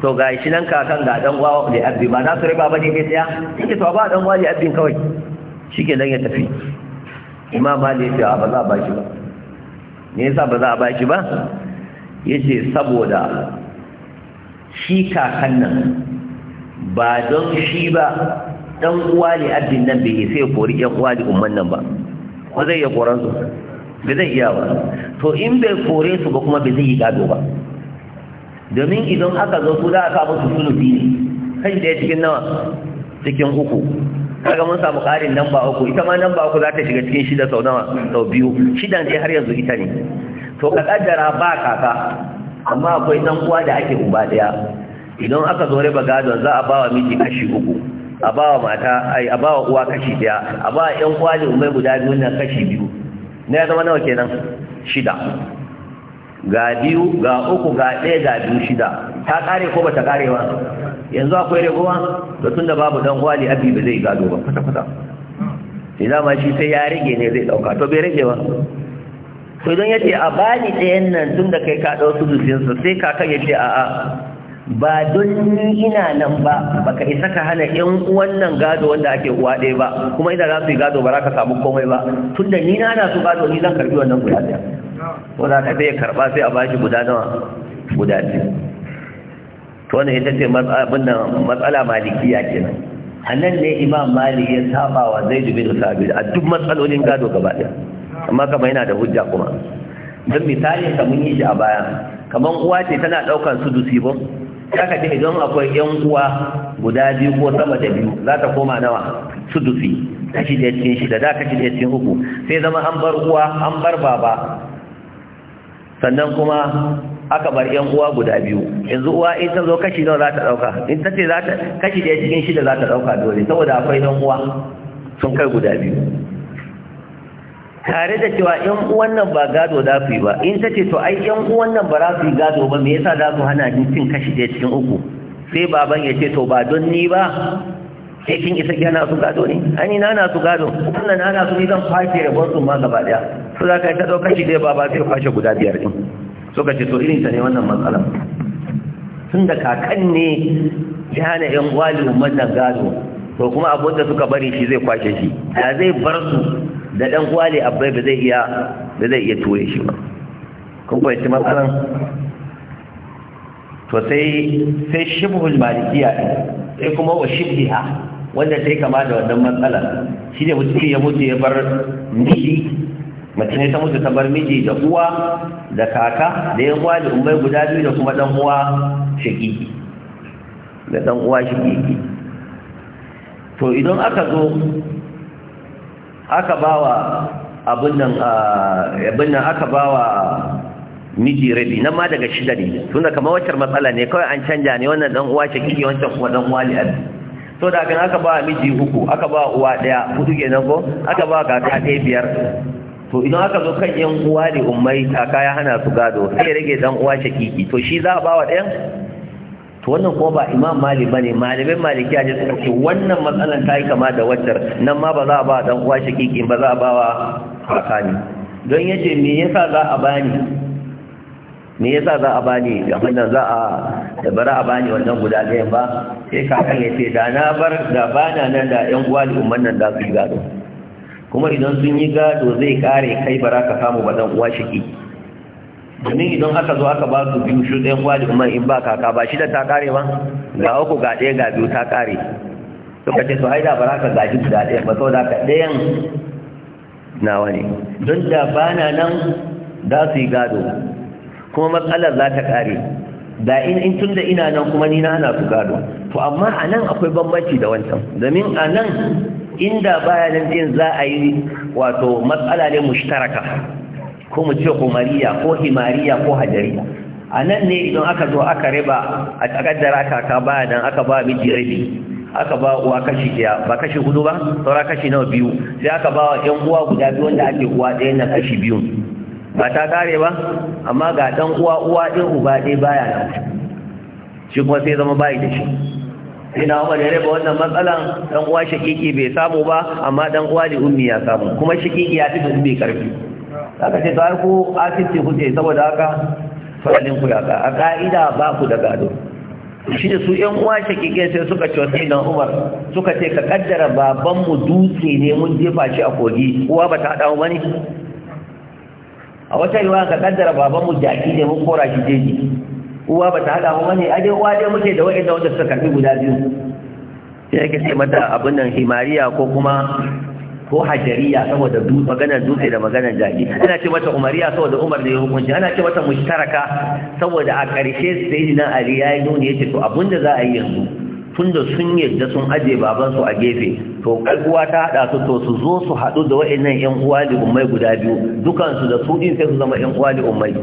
to ga shi nan kakan ga dan uwa da abdi ba za su riba ba ne ke tsaya yake to ba dan uwa da abdin kawai shi ke nan ya tafi imam mali ya ce ba za a ba shi ba me yasa ba za a ba shi ba ya ce saboda shi kakan nan ba don shi ba dan uwa da abdin nan bai sai kori ƴan uwa da umman nan ba ko zai iya koransu bai zai iya ba to in bai kore su ba kuma bai zai yi gado ba domin idan aka zo su za a kawo su sunu biyu kai da cikin nawa cikin uku kaga mun samu ƙarin namba uku ita ma namba uku za ta shiga cikin shida sau nawa sau biyu shidan dai har yanzu ita ne to ka kaddara ba kaka amma akwai dan uwa da ake uba daya idan aka zo riba gadon za a ba wa miji kashi uku a ba wa mata ai a ba wa uwa kashi daya a ba wa yan umai guda biyu nan kashi biyu ne ya zama nawa kenan shida ga biyu ga uku ga ɗaya ga biyu shida ta ƙare ko ba ta ƙare ba yanzu akwai ragowa da tun da babu dan wali abi ba zai gado ba kwata-kwata sai dama shi sai ya rage ne zai ɗauka to bai rage ba sai don yace a bani ɗayan nan tun da kai ka ɗau su zuciyarsa sai kakan yace a'a ba don ni ina nan ba baka isa ka hana yan uwan nan gado wanda ake uwa ɗaya ba kuma idan za su yi gado ba za ka samu komai ba Tun da ni na na su gado ni zan karbi wannan guda ɗaya ko za ka zai karɓa sai a bashi guda nawa guda ɗaya to wannan ita ce matsala matsala malikiya kenan a nan ne imam malik ya saba wa zaidu da sabi a duk matsalolin gado gaba ɗaya amma kama yana da hujja kuma don misalin ka mun yi shi a baya kamar uwa ce tana ɗaukar su dusibin kaka ce idan akwai yan uwa guda biyu ko sama da biyu za ta koma nawa dufi kashi da cikin shida da kashi da cikin uku sai zama an bar uwa an bar baba sannan kuma aka bar yan uwa guda biyu yanzu uwa in ta zo kashi nawa za ta dauka in ta ce za ta kashi da cikin shida za ta dauka dole saboda akwai yan uwa sun kai guda biyu tare da cewa yan uwan nan ba gado za su yi ba in ta ce to ai yan uwan nan ba za su yi gado ba me yasa za su hana ni cin kashi ɗaya cikin uku sai baban ya ce to ba don ni ba sai kin isa gana su gado ne ani na na su gado wannan na na su ni zan kwace rabon su ma gaba ɗaya su za ka yi ta ɗau kashi ɗaya baba sai kwashe guda biyar ɗin ka ce to irin ta ne wannan matsala tun da kakan ne ya hana yan uwa liman gado to kuma abin da suka bari shi zai kwashe shi Ya zai bar su da dan uwa ne abai ba zai iya ba zai iya ture shi ba kun fahimci matsalan to sai sai shibhul malikiya sai kuma wa shibhiha wanda sai kama da wannan matsalar shi ne mutum ya mutu ya bar miji mace ne ta mutu ta bar miji da uwa da kaka da yan uwa da umbai guda biyu da kuma dan uwa shakiki da dan uwa shakiki to idan aka zo aka bawa abin nan abin nan aka bawa miji rabi nan ma daga shida ne tunda kamar wacce matsala ne kawai an canja ne wannan dan uwa kike wancan kuma dan uwa li'abi to da kan aka ba miji uku aka ba uwa daya hudu kenan ko aka ba kaka ɗaya biyar to idan aka zo kan yan uwa ne ummai kaka ya hana su gado sai rage dan uwa shakiki to shi za a ba wa ɗayan to wannan kuma ba imam mali bane malamin maliki ya suka ce wannan matsalan ta yi kama da waccar nan ma ba za a ba dan uwa shakiki ba za a ba wa ne don yace me yasa za a bani me yasa za a bani wannan za a da bara a bani wannan guda ɗaya ba sai kakan ya ce da na bar da bana nan da yan uwa al'umman nan za su yi gado kuma idan sun yi gado zai kare kai bara ka samu ba dan uwa shakiki domin idan aka zo aka ba su biyu shi ɗayan uwa umar in ba kaka ba shi da ta kare ba ga uku ga ɗaya ga biyu ta kare suka ce to ai da baraka gaji shi guda ɗaya ba saboda ka ɗayan nawa ne don da bana nan za su yi gado kuma matsalar za ta kare da in in tun da ina nan kuma ni na ana su gado to amma a nan akwai bambanci da wancan domin a nan inda baya nan za a yi wato matsala ne mushtaraka ko mu ce kumariya ko himariya ko hajariya a nan ne idan aka zo aka riba a takaddara ka baya dan aka ba miji rabi aka ba uwa kashi daya ba kashi hudu ba saura kashi nawa biyu sai aka ba wa ƴan uwa guda biyu wanda ake uwa ɗaya na kashi biyu ba ta kare ba amma ga ɗan uwa uwa ɗin uba ɗaya baya nan shi kuma sai zama bayi da shi ina umar ya raba wannan matsalan ɗan uwa shakiki bai samu ba amma ɗan uwa da ummi ya samu kuma shakiki ya fi da ummi karfi haka ce ta ko asirce kuke saboda haka faralin ku yaka a ka'ida ba ku da gado shi da su yan uwa shakike sai suka ci wasu idan umar suka ce ka kaddara babanmu dutse ne mun jefa shi a kogi uwa ba ta haɗa ba ne a wata yiwa ka kaddara babanmu jaki ne mun kora shi jeji uwa ba ta haɗa ba ne a dai uwa dai muke da wa'in da wanda suka karɓi guda biyu sai ka ce mata abin nan himariya ko kuma ko hajariya saboda dutse maganar dutse da maganar jaki ana ce mata umariya saboda umar da ya hukunci ana ce mata mushtaraka saboda a ƙarshe na ali ya yi nuni yace to abunda za a yi yanzu tunda sun yadda sun aje baban su a gefe to kalbuwa ta hada su to su zo su hadu da wa'annan yan uwa da ummai guda biyu dukan su da su din sai su zama yan uwa da ummai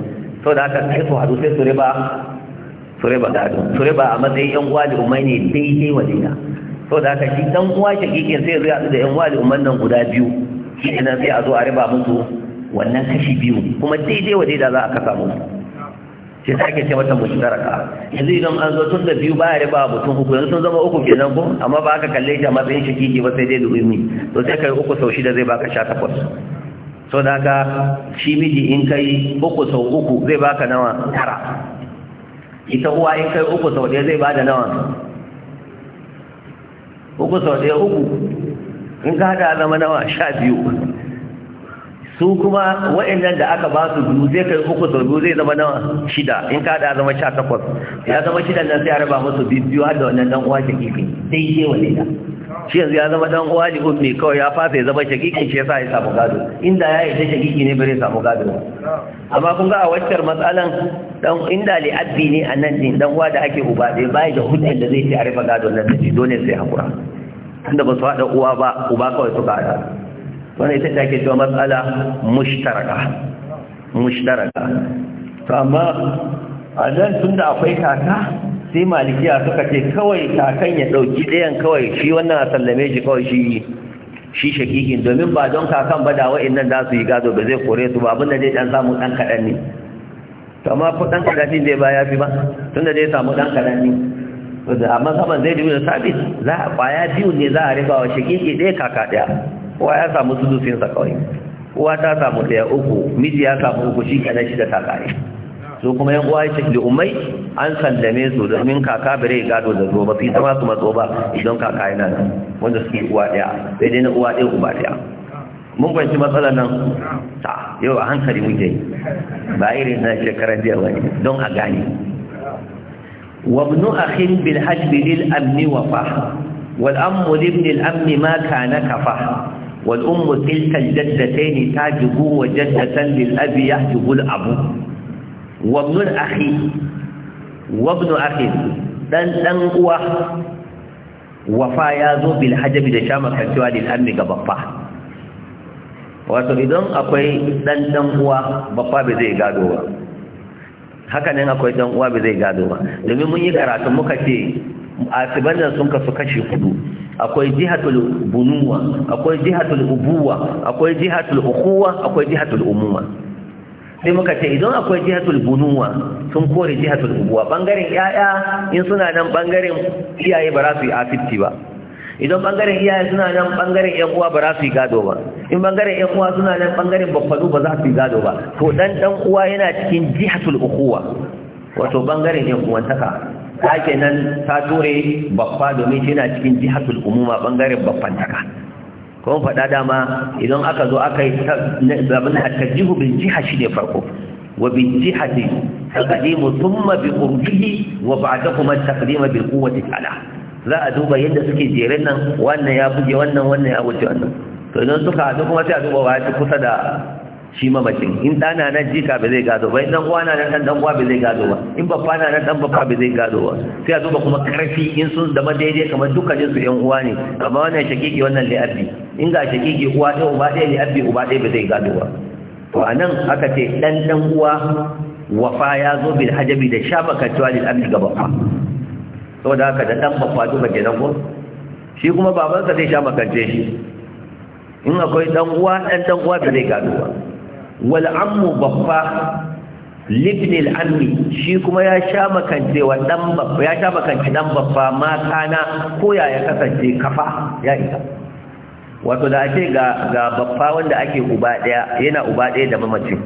saboda haka sai su hadu sai su riba su riba gado su riba a matsayin yan uwa da ummai ne daidai wa to da haka shi dan uwa shakikin sai zai haɗu da yan wali umman nan guda biyu shi ne sai a zo a riba musu wannan kashi biyu kuma daidai wa daidai za a kasa musu sai ta ake ce mata daraka yanzu idan an zo tun da biyu ba ya riba mutum uku yanzu sun zama uku kenan ko amma ba aka kalle shi a matsayin shakiki ba sai dai da umi to sai kai uku sau shida zai baka sha takwas sau da haka shi miji in kai uku sau uku zai baka nawa tara ita uwa in kai uku sau ɗaya zai bada nawa uku sau ɗaya uku in ka haɗa zama nawa sha biyu su kuma wa'annan da aka ba su biyu zai kai uku sau biyu zai zama nawa shida in ka haɗa zama sha takwas ya zama shidan nan sai a raba musu biyu har da wannan ɗan uwa ta kifi daidai wa daidai shi yanzu ya zama dan uwa ne ummi kawai ya fasa ya zama shakikin shi yasa ya samu gado inda ya yi ta shakiki ne bare samu gado amma kun ga a waccar matsalan dan inda li abbi ne a nan din dan uwa da ake uba dai bai da hujjar da zai ci a rufe gado nan da shi dole sai hakura tunda ba su haɗa uwa ba uba kawai suka haɗa wannan ita ta ke cewa matsala mushtaraka mushtaraka to amma a nan tunda akwai kaka sai malikiya suka ce kawai kakan ya ɗauki ɗayan kawai shi wannan a sallame shi kawai shi shi shakikin domin ba don kakan ba da wa'in nan za su yi gado ba zai kore su ba abinda zai ɗan samu ɗan kaɗan ne to amma ko ɗan kaɗan ɗin zai ba ya fi ba tun da zai samu ɗan kaɗan ne amma saman zai dubi da sabis za a ƙwaya biyu ne za a riba wa shakiki ɗaya kaka ɗaya kowa ya samu sudusinsa kawai kowa ta samu ɗaya uku miji ya samu uku shi kaɗan shi da ta su kuma yan uwa yake da umai an sallame su domin kaka bare ya gado da zo ba su ita ma su matso ba idan kaka yana nan wanda suke uwa ɗaya sai dai na uwa ɗaya uba ɗaya mun kwanci matsalar nan ta yau a hankali muke ba irin na shekarar jiya wani don a gane lil وابن أخ بالحجب للأمن وفاه والأم لابن الأمن ما كان كفاه والأم تلك الجدتين تاجه وجدة للأب يحجب الأب wabnul akhi wabnu akhi dan dan uwa wafa ya zo bil hajabi da shama kancewa din ammi ga baffa wato idan akwai dan dan uwa baffa bai zai gado ba haka nan akwai dan uwa bai zai gado ba domin mun yi karatu muka ce asiban nan sun kasu kashi hudu akwai jihatul bunuwa akwai jihatul ubuwa akwai jihatul ukhuwa akwai jihatul umuwa. sai muka ce idan akwai jihatul bunuwa sun kore jihatul ubuwa bangaren yaya in suna nan bangaren iyaye ba za su yi afitti ba idan bangaren iyaye suna nan bangaren yan uwa ba za su yi gado ba in bangaren yan uwa suna nan bangaren bakwalu ba za su yi gado ba to dan dan uwa yana cikin jihatul ukuwa wato bangaren yan taka ta kenan ta ture baffa domin shi yana cikin jihatul umuma bangaren baffantaka ko faɗa dama idan aka zo aka yi zaɓin hattajihu bin jiha shi ne farko wa bin jihati taqdimu thumma bi qurbihi wa ba ta kuma ta taqdimu bi quwwati ala za a duba yadda suke jerin nan wannan ya buge wannan wannan ya wuce wannan to idan suka haɗu kuma sai a duba wa ya kusa da shi mamacin in ɗana na jika ba zai gado ba in ɗan uwa na nan ɗan ɗan uwa ba zai gado ba in babba na nan ɗan babba ba zai gado ba sai a duba kuma ƙarfi, in sun zama daidai kamar dukkanin su ƴan uwa ne kamar wannan shakiki wannan li'abbi in ga shakiki uwa ɗaya uba ɗaya li'abbi uba ɗaya ba zai gado ba to a nan aka ce ɗan ɗan uwa wafa ya zo bil hajabi da shafakantuwa li'abbi ga babba saboda haka da ɗan babba duka kenan ko shi kuma babansa zai sha makance shi in akwai ɗan uwa ɗan ɗan uwa ba zai gado ba wal babba libnil ammi shi kuma ya sha makance wa dan babba ya sha makance dan babba ma kana ko ya ya kasance kafa ya isa wato da ake ga ga babba wanda ake uba daya yana uba daya da mamacin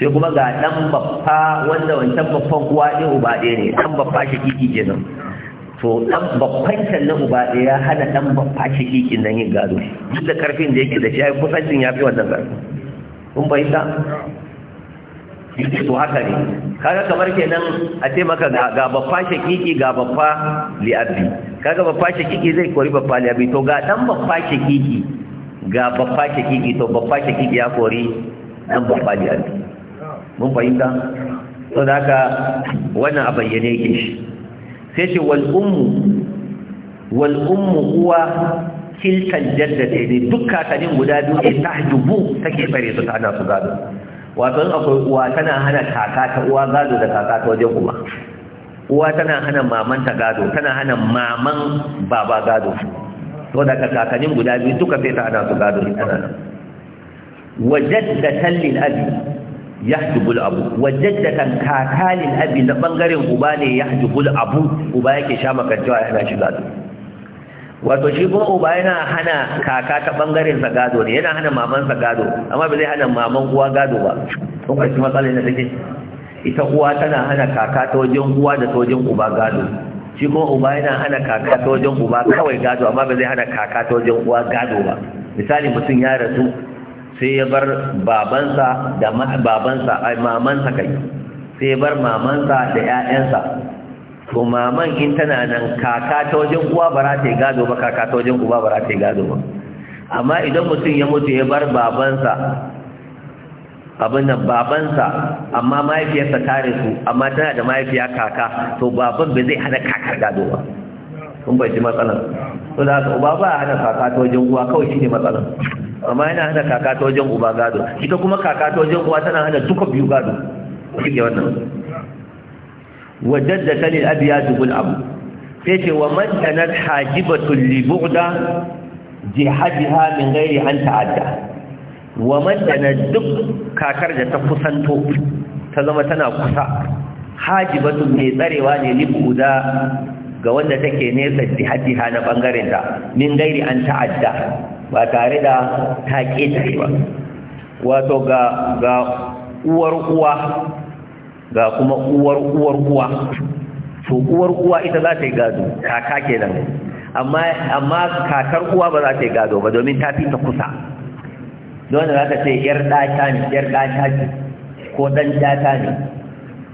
sai kuma ga dan babba wanda wancan babban kuwa ɗin uba ɗaya ne dan babba shi kiki kenan to dan babban na uba ɗaya ya hana dan babba shi kiki nan yin gado duk da karfin da yake da shi ai kusancin ya fi wannan karfin kun bayyana yake to haka ne kaga kamar kenan a ce maka ga babba shakiki ga babba liabi kaga babba shakiki zai kori babba liabi to ga dan babba shakiki ga babba shakiki to babba shakiki ya kori dan babba liabi mun fahimta to da haka wannan a bayyane yake shi sai shi wal ummu wal ummu uwa kiltan jaddade ne duk kakannin guda biyu ne ta dubu take tsare su ta ana su gado wato in akwai uwa tana hana kaka ta uwa gado da kaka ta wajen uba uwa tana hana maman ta gado tana hana maman baba gado to da kakannin guda biyu duka sai ta hana su gado ita nan wajaddatan lil abi yahdubul abu wajaddatan kakalin abi na bangaren uba ne yahdubul abu uba yake sha makantawa yana shi gado wato shi kuma uba yana hana kaka ta bangaren sa gado ne yana hana maman sa gado amma ba zai hana maman uwa gado ba kun kashi matsalar da take ita uwa tana hana kaka ta wajen uwa da ta wajen uba gado shi kuma uba yana hana kaka ta wajen uba kawai gado amma ba zai hana kaka ta wajen uwa gado ba misali mutum ya rasu sai ya bar babansa da babansa ai mamansa kai sai ya bar mamansa da ƴaƴansa to maman in tana nan kaka ta wajen uwa ba za ta yi gado ba kaka ta wajen uba ba za ta yi gado ba amma idan mutum ya mutu ya bar babansa abin nan babansa amma mahaifiyarsa ta rasu amma tana da mahaifiya kaka to baban bai zai hana kakar gado ba kun bai ji matsalan to da uba ba hana kaka ta wajen uwa kawai shi ne matsalan amma yana hana kaka ta wajen uba gado ita kuma kaka ta wajen uwa tana hana duka biyu gado wannan wajadda ta lil abiyadu bil abu sai ce wa man tanat hajibatul li bu'da min gairi an ta'adda wa man duk kakar da ta kusanto ta zama tana kusa hajibatu mai tsarewa ne libuda ga wanda take nesa jihadiha na bangaren ta min gairi an ta'adda ba tare da ta ƙetare ba wato ga uwar uwa ga kuma uwar uwar uwa to uwar uwa ita za ta yi gado kaka kenan amma amma kakar uwa ba za ta yi gado ba domin ta fi ta kusa don da za ce yar ta ne yar ta ce ko ɗan ɗata ne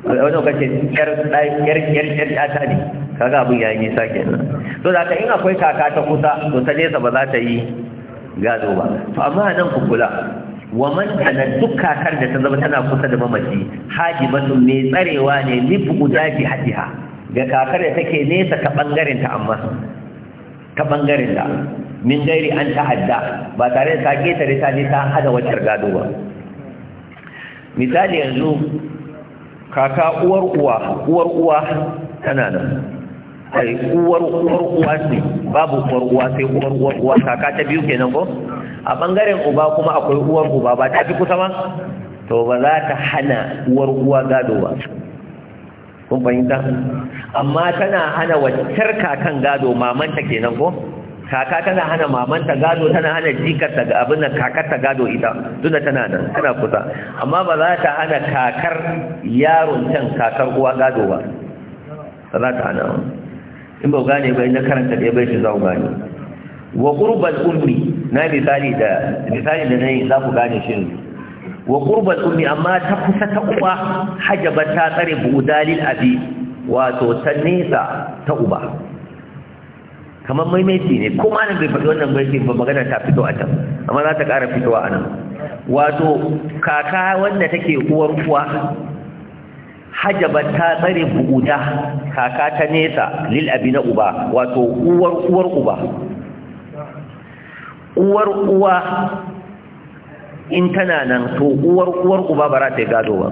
wani ce yar yar yar yar ta ne kaga abin ya nisa kenan to da ka in akwai kaka ta kusa to ta nesa ba za ta yi gado ba to amma nan ku kula wa man tana duk kakar da ta zama tana kusa da mamaci hajibatun mai tsarewa ne libu gudaji hajiha ga kakar da take nesa ta bangaren ta amma ta bangaren da min gairi an ta'adda ba tare da ta ketare ta ta hada waccar gado ba misali yanzu kaka uwar uwa uwar uwa tana nan ai uwar uwar uwa ce babu uwar uwa sai uwar uwa kaka ta biyu kenan ko a bangaren uba kuma akwai uwar uba ba ta fi kusa ba to ba za ta hana uwar uwa gado ba kun fahimta amma tana hana waccar kakan gado mamanta kenan ko kaka tana hana mamanta gado tana hana jikarta ga abin da kakarta gado ita tunda tana nan tana kusa amma ba za ta hana kakar yaron can kakar uwa gado ba ba za ta hana in ba gane bai na karanta da ya bai shi za gane wa gurbal umri na misali da misali da nayi za ku gane shi wa qurbal ummi amma ta kusa ta uba hajaba ta tsare budalil abi wato ta nesa ta uba kamar maimaiti ne ko ma nan bai faɗi wannan baitin ba magana ta fito a can amma za ta ƙara fitowa a nan wato kaka wanda take uwar uwa hajaba ta tsare buɗa kaka ta nesa lil abi na uba wato uwar uwar uba uwar uwa in tana nan to uwar uwar uba ba za ta gado ba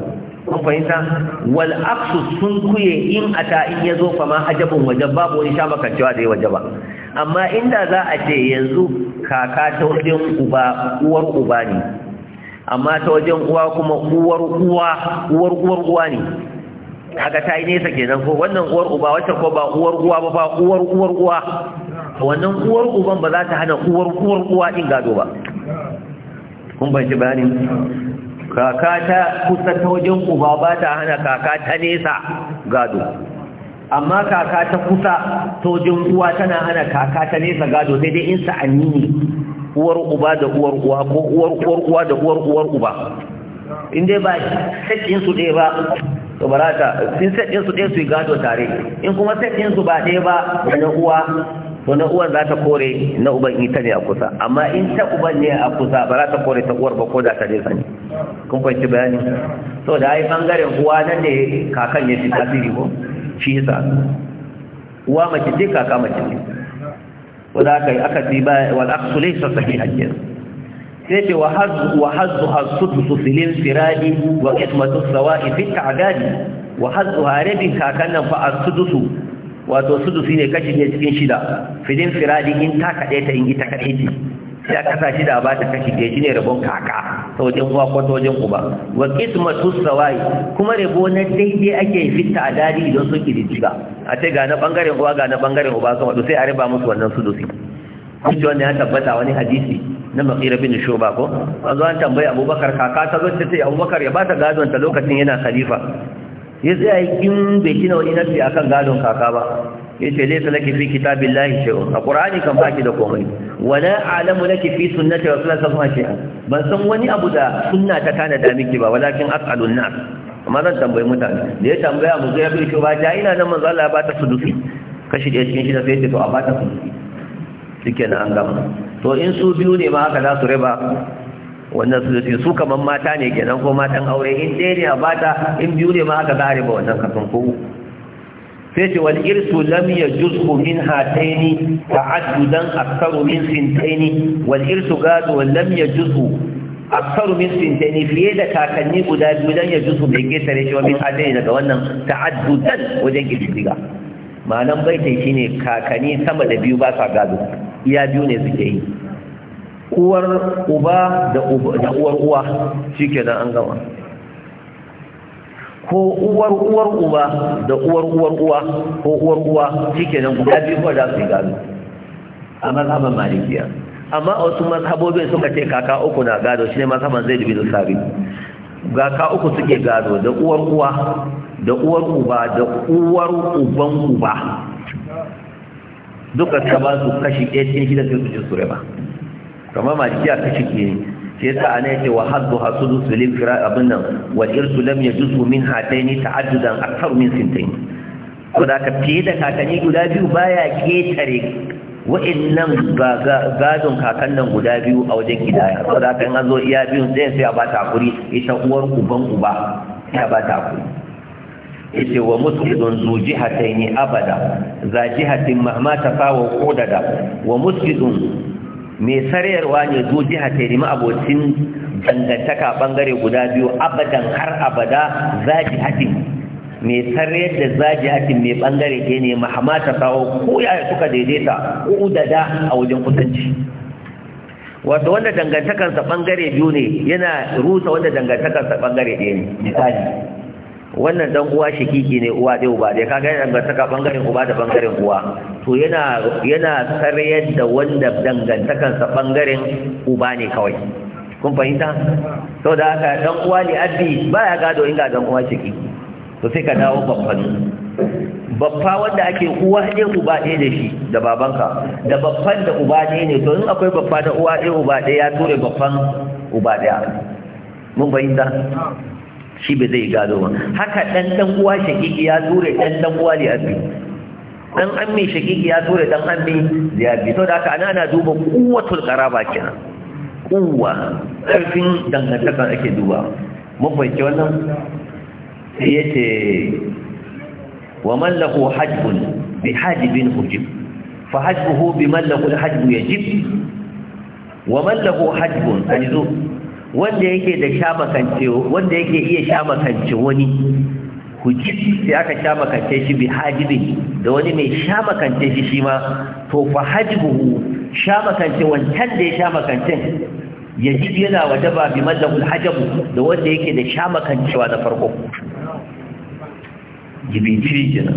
kun fahimta wal aksu sun kuye in ata in ya zo fama ajabun wajen babu wani sha makancewa da yawa waje ba amma inda za a ce yanzu kaka ta wajen uba uwar uba ne amma ta wajen uwa kuma uwar uwa uwar uwar uwa ne haka ta yi nesa kenan ko wannan uwar uba wacce ko ba uwar uwa ba ba uwar uwar uwa wannan uwar uban ba za ta hana uwar uwar uwa din gado ba kun ban shi bayanin kaka ta kusa ta wajen uba ba ta hana kaka ta nesa gado amma kaka ta kusa ta wajen uwa tana hana kaka ta nesa gado sai dai in sa'anni ne uwar uba da uwar uwa ko uwar uwar uwa da uwar uwar uba in dai ba sakin su dai ba to barata sun sakin su dai su gado tare in kuma sakin su ba dai ba da uwa to na uwar za ta kore na uban ita ne a kusa amma in ta uban ne a kusa ba za ta kore ta uwar ba ko da ta je sani, kun fahimci bayani so da ai bangaren uwa nan ne kakan ya ji tasiri ko shi yasa uwa mace ce kaka mace ce ko da aka yi aka ci ba wal aqsu laysa sahihan jin sai ce wa hazzu wa hazzu hasudu filin firadi wa qismatu sawa'i fi ta'dadi wa hazzu harabi kakan nan fa asudusu wato sudu ne kashi ne cikin shida fidin firadi in ta kade ta in ita kade ce sai aka sa shida ba ta kashi ɗaya shine rabon kaka ta wajen uwa ko ta wajen uba wa qismatu sawai kuma rabo na daidai ake fitta a dadi idan sun ba. a ce ga na bangaren uwa ga na bangaren uba sun wato sai a riba musu wannan sudusi kuma wannan ya tabbata wani hadisi na maƙira bin shuba ko an zo an tambayi abubakar kaka ta zo ta ce abubakar ya ba ta gadon ta lokacin yana khalifa ya tsaya in bai gina wani nafi kan gadon kaka ba ya ce laisa laki fi kitabin lahi shi'un a ƙura'ani kan baki da komai Wani alamu laki fi ce wa sallallahu alaihi ce. ban san wani abu da sunna ta kana da miki ba walakin as'alun na amma zan tambayi mutane da ya tambaya mu zai bi ba ja ina nan manzala ba ta dufi kashi da cikin shi da sai to a ba ta su sudufi na an gama to in su biyu ne ma haka za su riba wannan su ce su kaman mata ne kenan ko matan aure in ɗaya ne a bata in biyu ne ma aka za ba wannan kasan ko sai ce wal irsu lam yajuzhu min hataini ta'addudan aktharu min sintaini wal irsu gado lam yajuzhu aksaru min sintaini fiye da kakanni guda biyu dan ya jusu bai ketare shi wa min adai daga wannan ta'addudan wajen kididdiga ma'anan baitai shine kakanni sama da biyu ba sa gado iya biyu ne suke yi uwar uba da uwar uwa shi kenan an gama ko uwar uwar uba da uwar uwar uwa ko uwar uwa shi kenan guda biyu ko da su gado a mazhaban malikiya amma a wasu mazhabobin suka ce kaka uku na gado shi ne mazhaban zai dubi da sabi ga ka uku suke gado da uwar uwa da uwar uba da uwar uban uba duka ta ba su kashi ɗaya cikin shida sai su ji su ba kamar malikiya ta cike yi sai yasa ana yake wa haddu hasudu sulil fira abin nan wal irsu lam yajuzu min hataini ta'addudan akthar min sintain ko da ka fiye da kakanni guda biyu baya ketare wa'annan gadon kakan guda biyu a wajen gidaya ko da kan an zo iya biyun sai sai a ba ta hakuri ita uwar uban uba ya a ba ta hakuri yace wa musqidun zu jihataini abada za jihatin mahma tafawu qudada wa musqidun mai sarayarwa ne zo jiha ta yi abocin dangantaka bangare guda biyu abadan har abada zaji hatin mai sarayar da zaji hatin mai bangare ke ne mahamata sawo ko ya suka daidaita ko udada a wajen kusanci wato wanda dangantakarsa bangare biyu ne yana rusa wanda dangantakarsa bangare ɗaya ne misali wannan dan uwa shikiki ne uwa dai uba dai kaga yana dangantaka bangaren uba da bangaren uwa to yana yana tsariyar da wanda sa bangaren uba ne kawai kun fahimta to da haka dan uwa ne addi ba ya gado inda dan uwa shikiki? to sai ka dawo babban babba wanda ake uwa ɗaya uba ɗaya da shi da babanka da babban da uba ɗaya ne to in akwai babba da uwa ɗaya uba ɗaya ya tura babban uba ɗaya mun fahimta shi ba zai gado ba haka ɗan ɗan uwa shakiki ya ture ɗan ɗan uwa liyafi ɗan ammi shakiki ya ture ɗan ammi liyafi sau da aka ana ana duba kuwatul karaba kenan kuwa ƙarfin dangantaka ake duba mafanci wannan sai ya ce wa mallaku hajjun bi hajjibin hujib fa hajjuhu bi mallaku ya yajib wa mallaku hajjun an zo wanda yake da shamakance wanda yake iya shamakance wani hujji sai aka shamakance shi bi hajibin da wani mai shamakance shi shi ma to fa hajibuhu shamakance wancan da ya shamakancen ya ji yana wata ba bi mallakul hajabu da wanda yake da shamakancewa na farko jibici jina.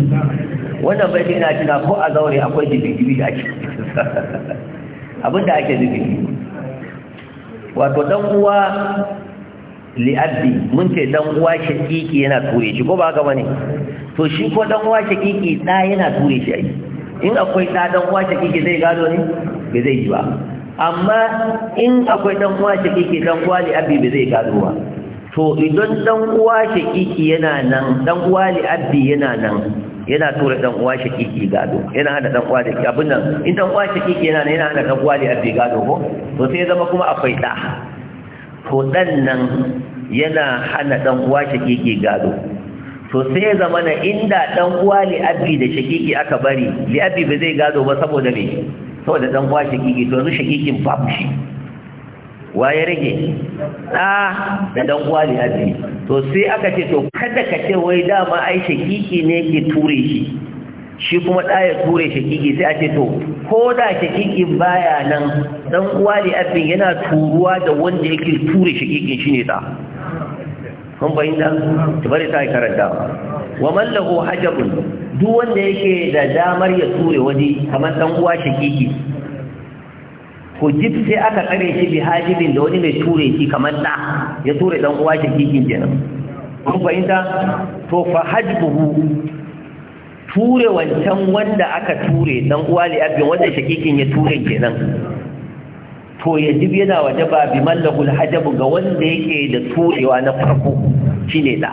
wannan bai dina tuna ko a zaure akwai jibi-jibi da abinda ake jibi wato dan uwa li'abdi mun ce dan uwa shakiki yana ture shi ko ba ga bane to shi ko dan uwa shakiki da yana ture shi ai in akwai da dan uwa shakiki zai gado ne ba zai yi ba amma in akwai dan uwa shakiki dan uwa li'abdi bai zai gado ba to idan dan uwa shakiki yana nan dan uwa li'abdi yana nan yana tura dan uwa shakiki gado yana hada dan uwa da abin nan in dan uwa shakiki yana ne yana hada dan uwa da abi gado ko to sai zama kuma akwai da to dan nan yana hana dan uwa shakiki gado to sai ya zama na inda dan uwa li abi da shakiki aka bari li abi ba zai gado ba saboda me saboda dan uwa shakiki to yanzu shakikin babu shi wa ya rage ɗa da dan uwa ne azumi to sai aka ce to kada ka ce wai dama ai shakiki ne ke ture shi shi kuma da ya ture shakiki sai a ce to ko da shakikin baya nan dan uwa ne abin yana turuwa da wanda yake ture shakikin shi ne ɗa kun bayyana ta bari ta karanta wa lahu hajabun duk wanda yake da damar ya ture wani kamar dan uwa shakiki hujjib sai aka tsare shi bi hajibin da wani mai ture shi kamar da ya ture dan uwa shi kikin kenan kun fahimta to fa hajbuhu ture wancan wanda aka ture dan uwa li abin wanda shakikin ya ture kenan to jib yana ba bi mallakul hajab ga wanda yake da turewa na farko shine da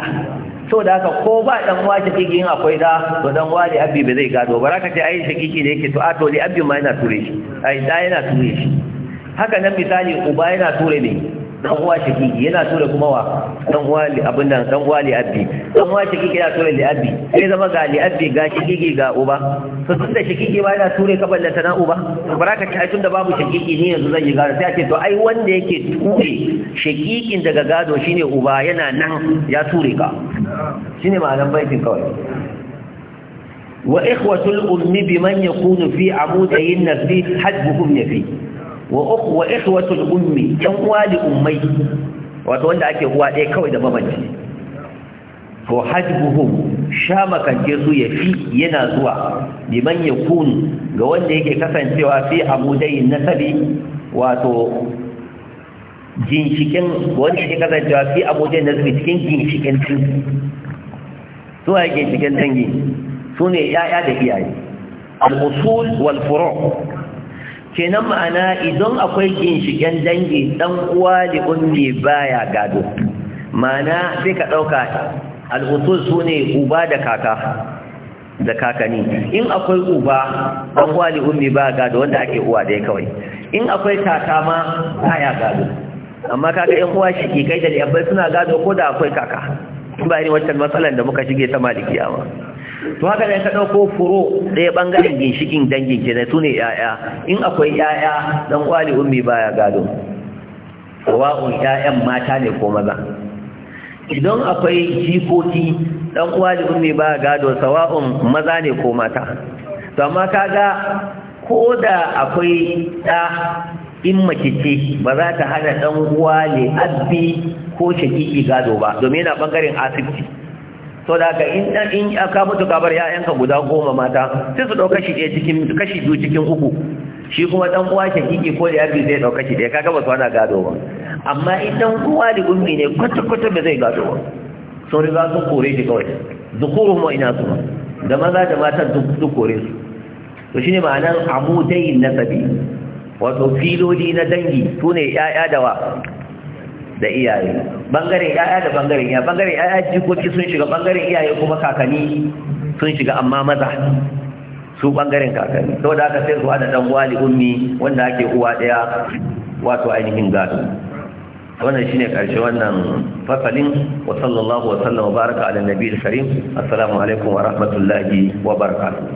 so da haka ko ba dan uwa ta yin akwai da to dan wali abbi ba zai gado baraka ta ayi shakiki ne yake to a to li abbi ma yana ture shi ai da yana ture shi haka nan misali uba yana ture ne dan uwa shiki yana da kuma wa dan uwa li abin nan dan uwa li abbi dan uwa shiki yana da li abbi sai zama ga li abbi ga shaki ga uba to tun da shaki ba yana ture kaban da tana uba baraka ta tun da babu shaki ne yanzu yi gado sai ce to ai wanda yake ture shakikin daga gado shine uba yana nan ya ture ka shine ma'anar baitin kawai wa ikhwatul ummi biman yakunu fi amudayin nafsi hajbuhum yafi wa ukhu wa ikhwatul ummi yan uwa li ummai wato wanda ake uwa dai kawai da mamanci to hajbuhum shamakance su ya fi yana zuwa liman ya kunu ga wanda yake kasancewa fi abudai nasabi wato ginshikin wanda yake kasancewa fi abudai nasabi cikin ginshikin cin su a cikin dangi su ne ya'ya da iyaye al-usul wal furu' kenan ma'ana idan akwai ginshigen dangi dan uwa da ummi baya gado ma'ana sai ka dauka al'usul sune uba da kaka da kakani in akwai uba dan uwa da ummi baya gado wanda ake uwa dai kawai in akwai kaka ma baya gado amma kaga yan uwa shi kai da yabbai suna gado ko da akwai kaka ba ni wancan matsalan da muka shige ta malikiya ba to haka ne ka dauko furo ɗaya bangaren ginshikin dangin kenan su ne yaya in akwai yaya dan kwali ummi baya gado wa'un yayan mata ne ko maza idan akwai jikoti dan kwali ummi baya gado sawa'un maza ne ko mata to amma kaga ko da akwai da in makice ba za ta hana dan kwali abbi ko shakiki gado ba domin a bangaren asibiti To da ga in in aka mutu kabar yayanka guda goma mata sai su dauka shi ɗaya cikin kashi biyu cikin uku shi kuma dan uwa ke kike ko da yabi zai dauka shi ɗaya kaga ba su ana gado ba amma idan uwa da ummi ne kwata kwata ba zai gado ba sun riga sun kore shi kawai zukuruhum wa inasuhum da maza da mata duk kore su to shine ma'anar amudai nasabi wato filodi na dangi ne 'ya'ya da wa da iyaye bangaren yaya da bangaren ya bangaren yaya jikoki sun shiga bangaren iyaye kuma kakanni sun shiga amma maza su bangaren kakanni da aka sai zuwa da dan wali ummi wanda ake uwa daya wato ainihin gado wannan shine karshe wannan fasalin wa sallallahu wa sallama baraka ala nabiyil karim assalamu alaikum wa rahmatullahi wa barakatuh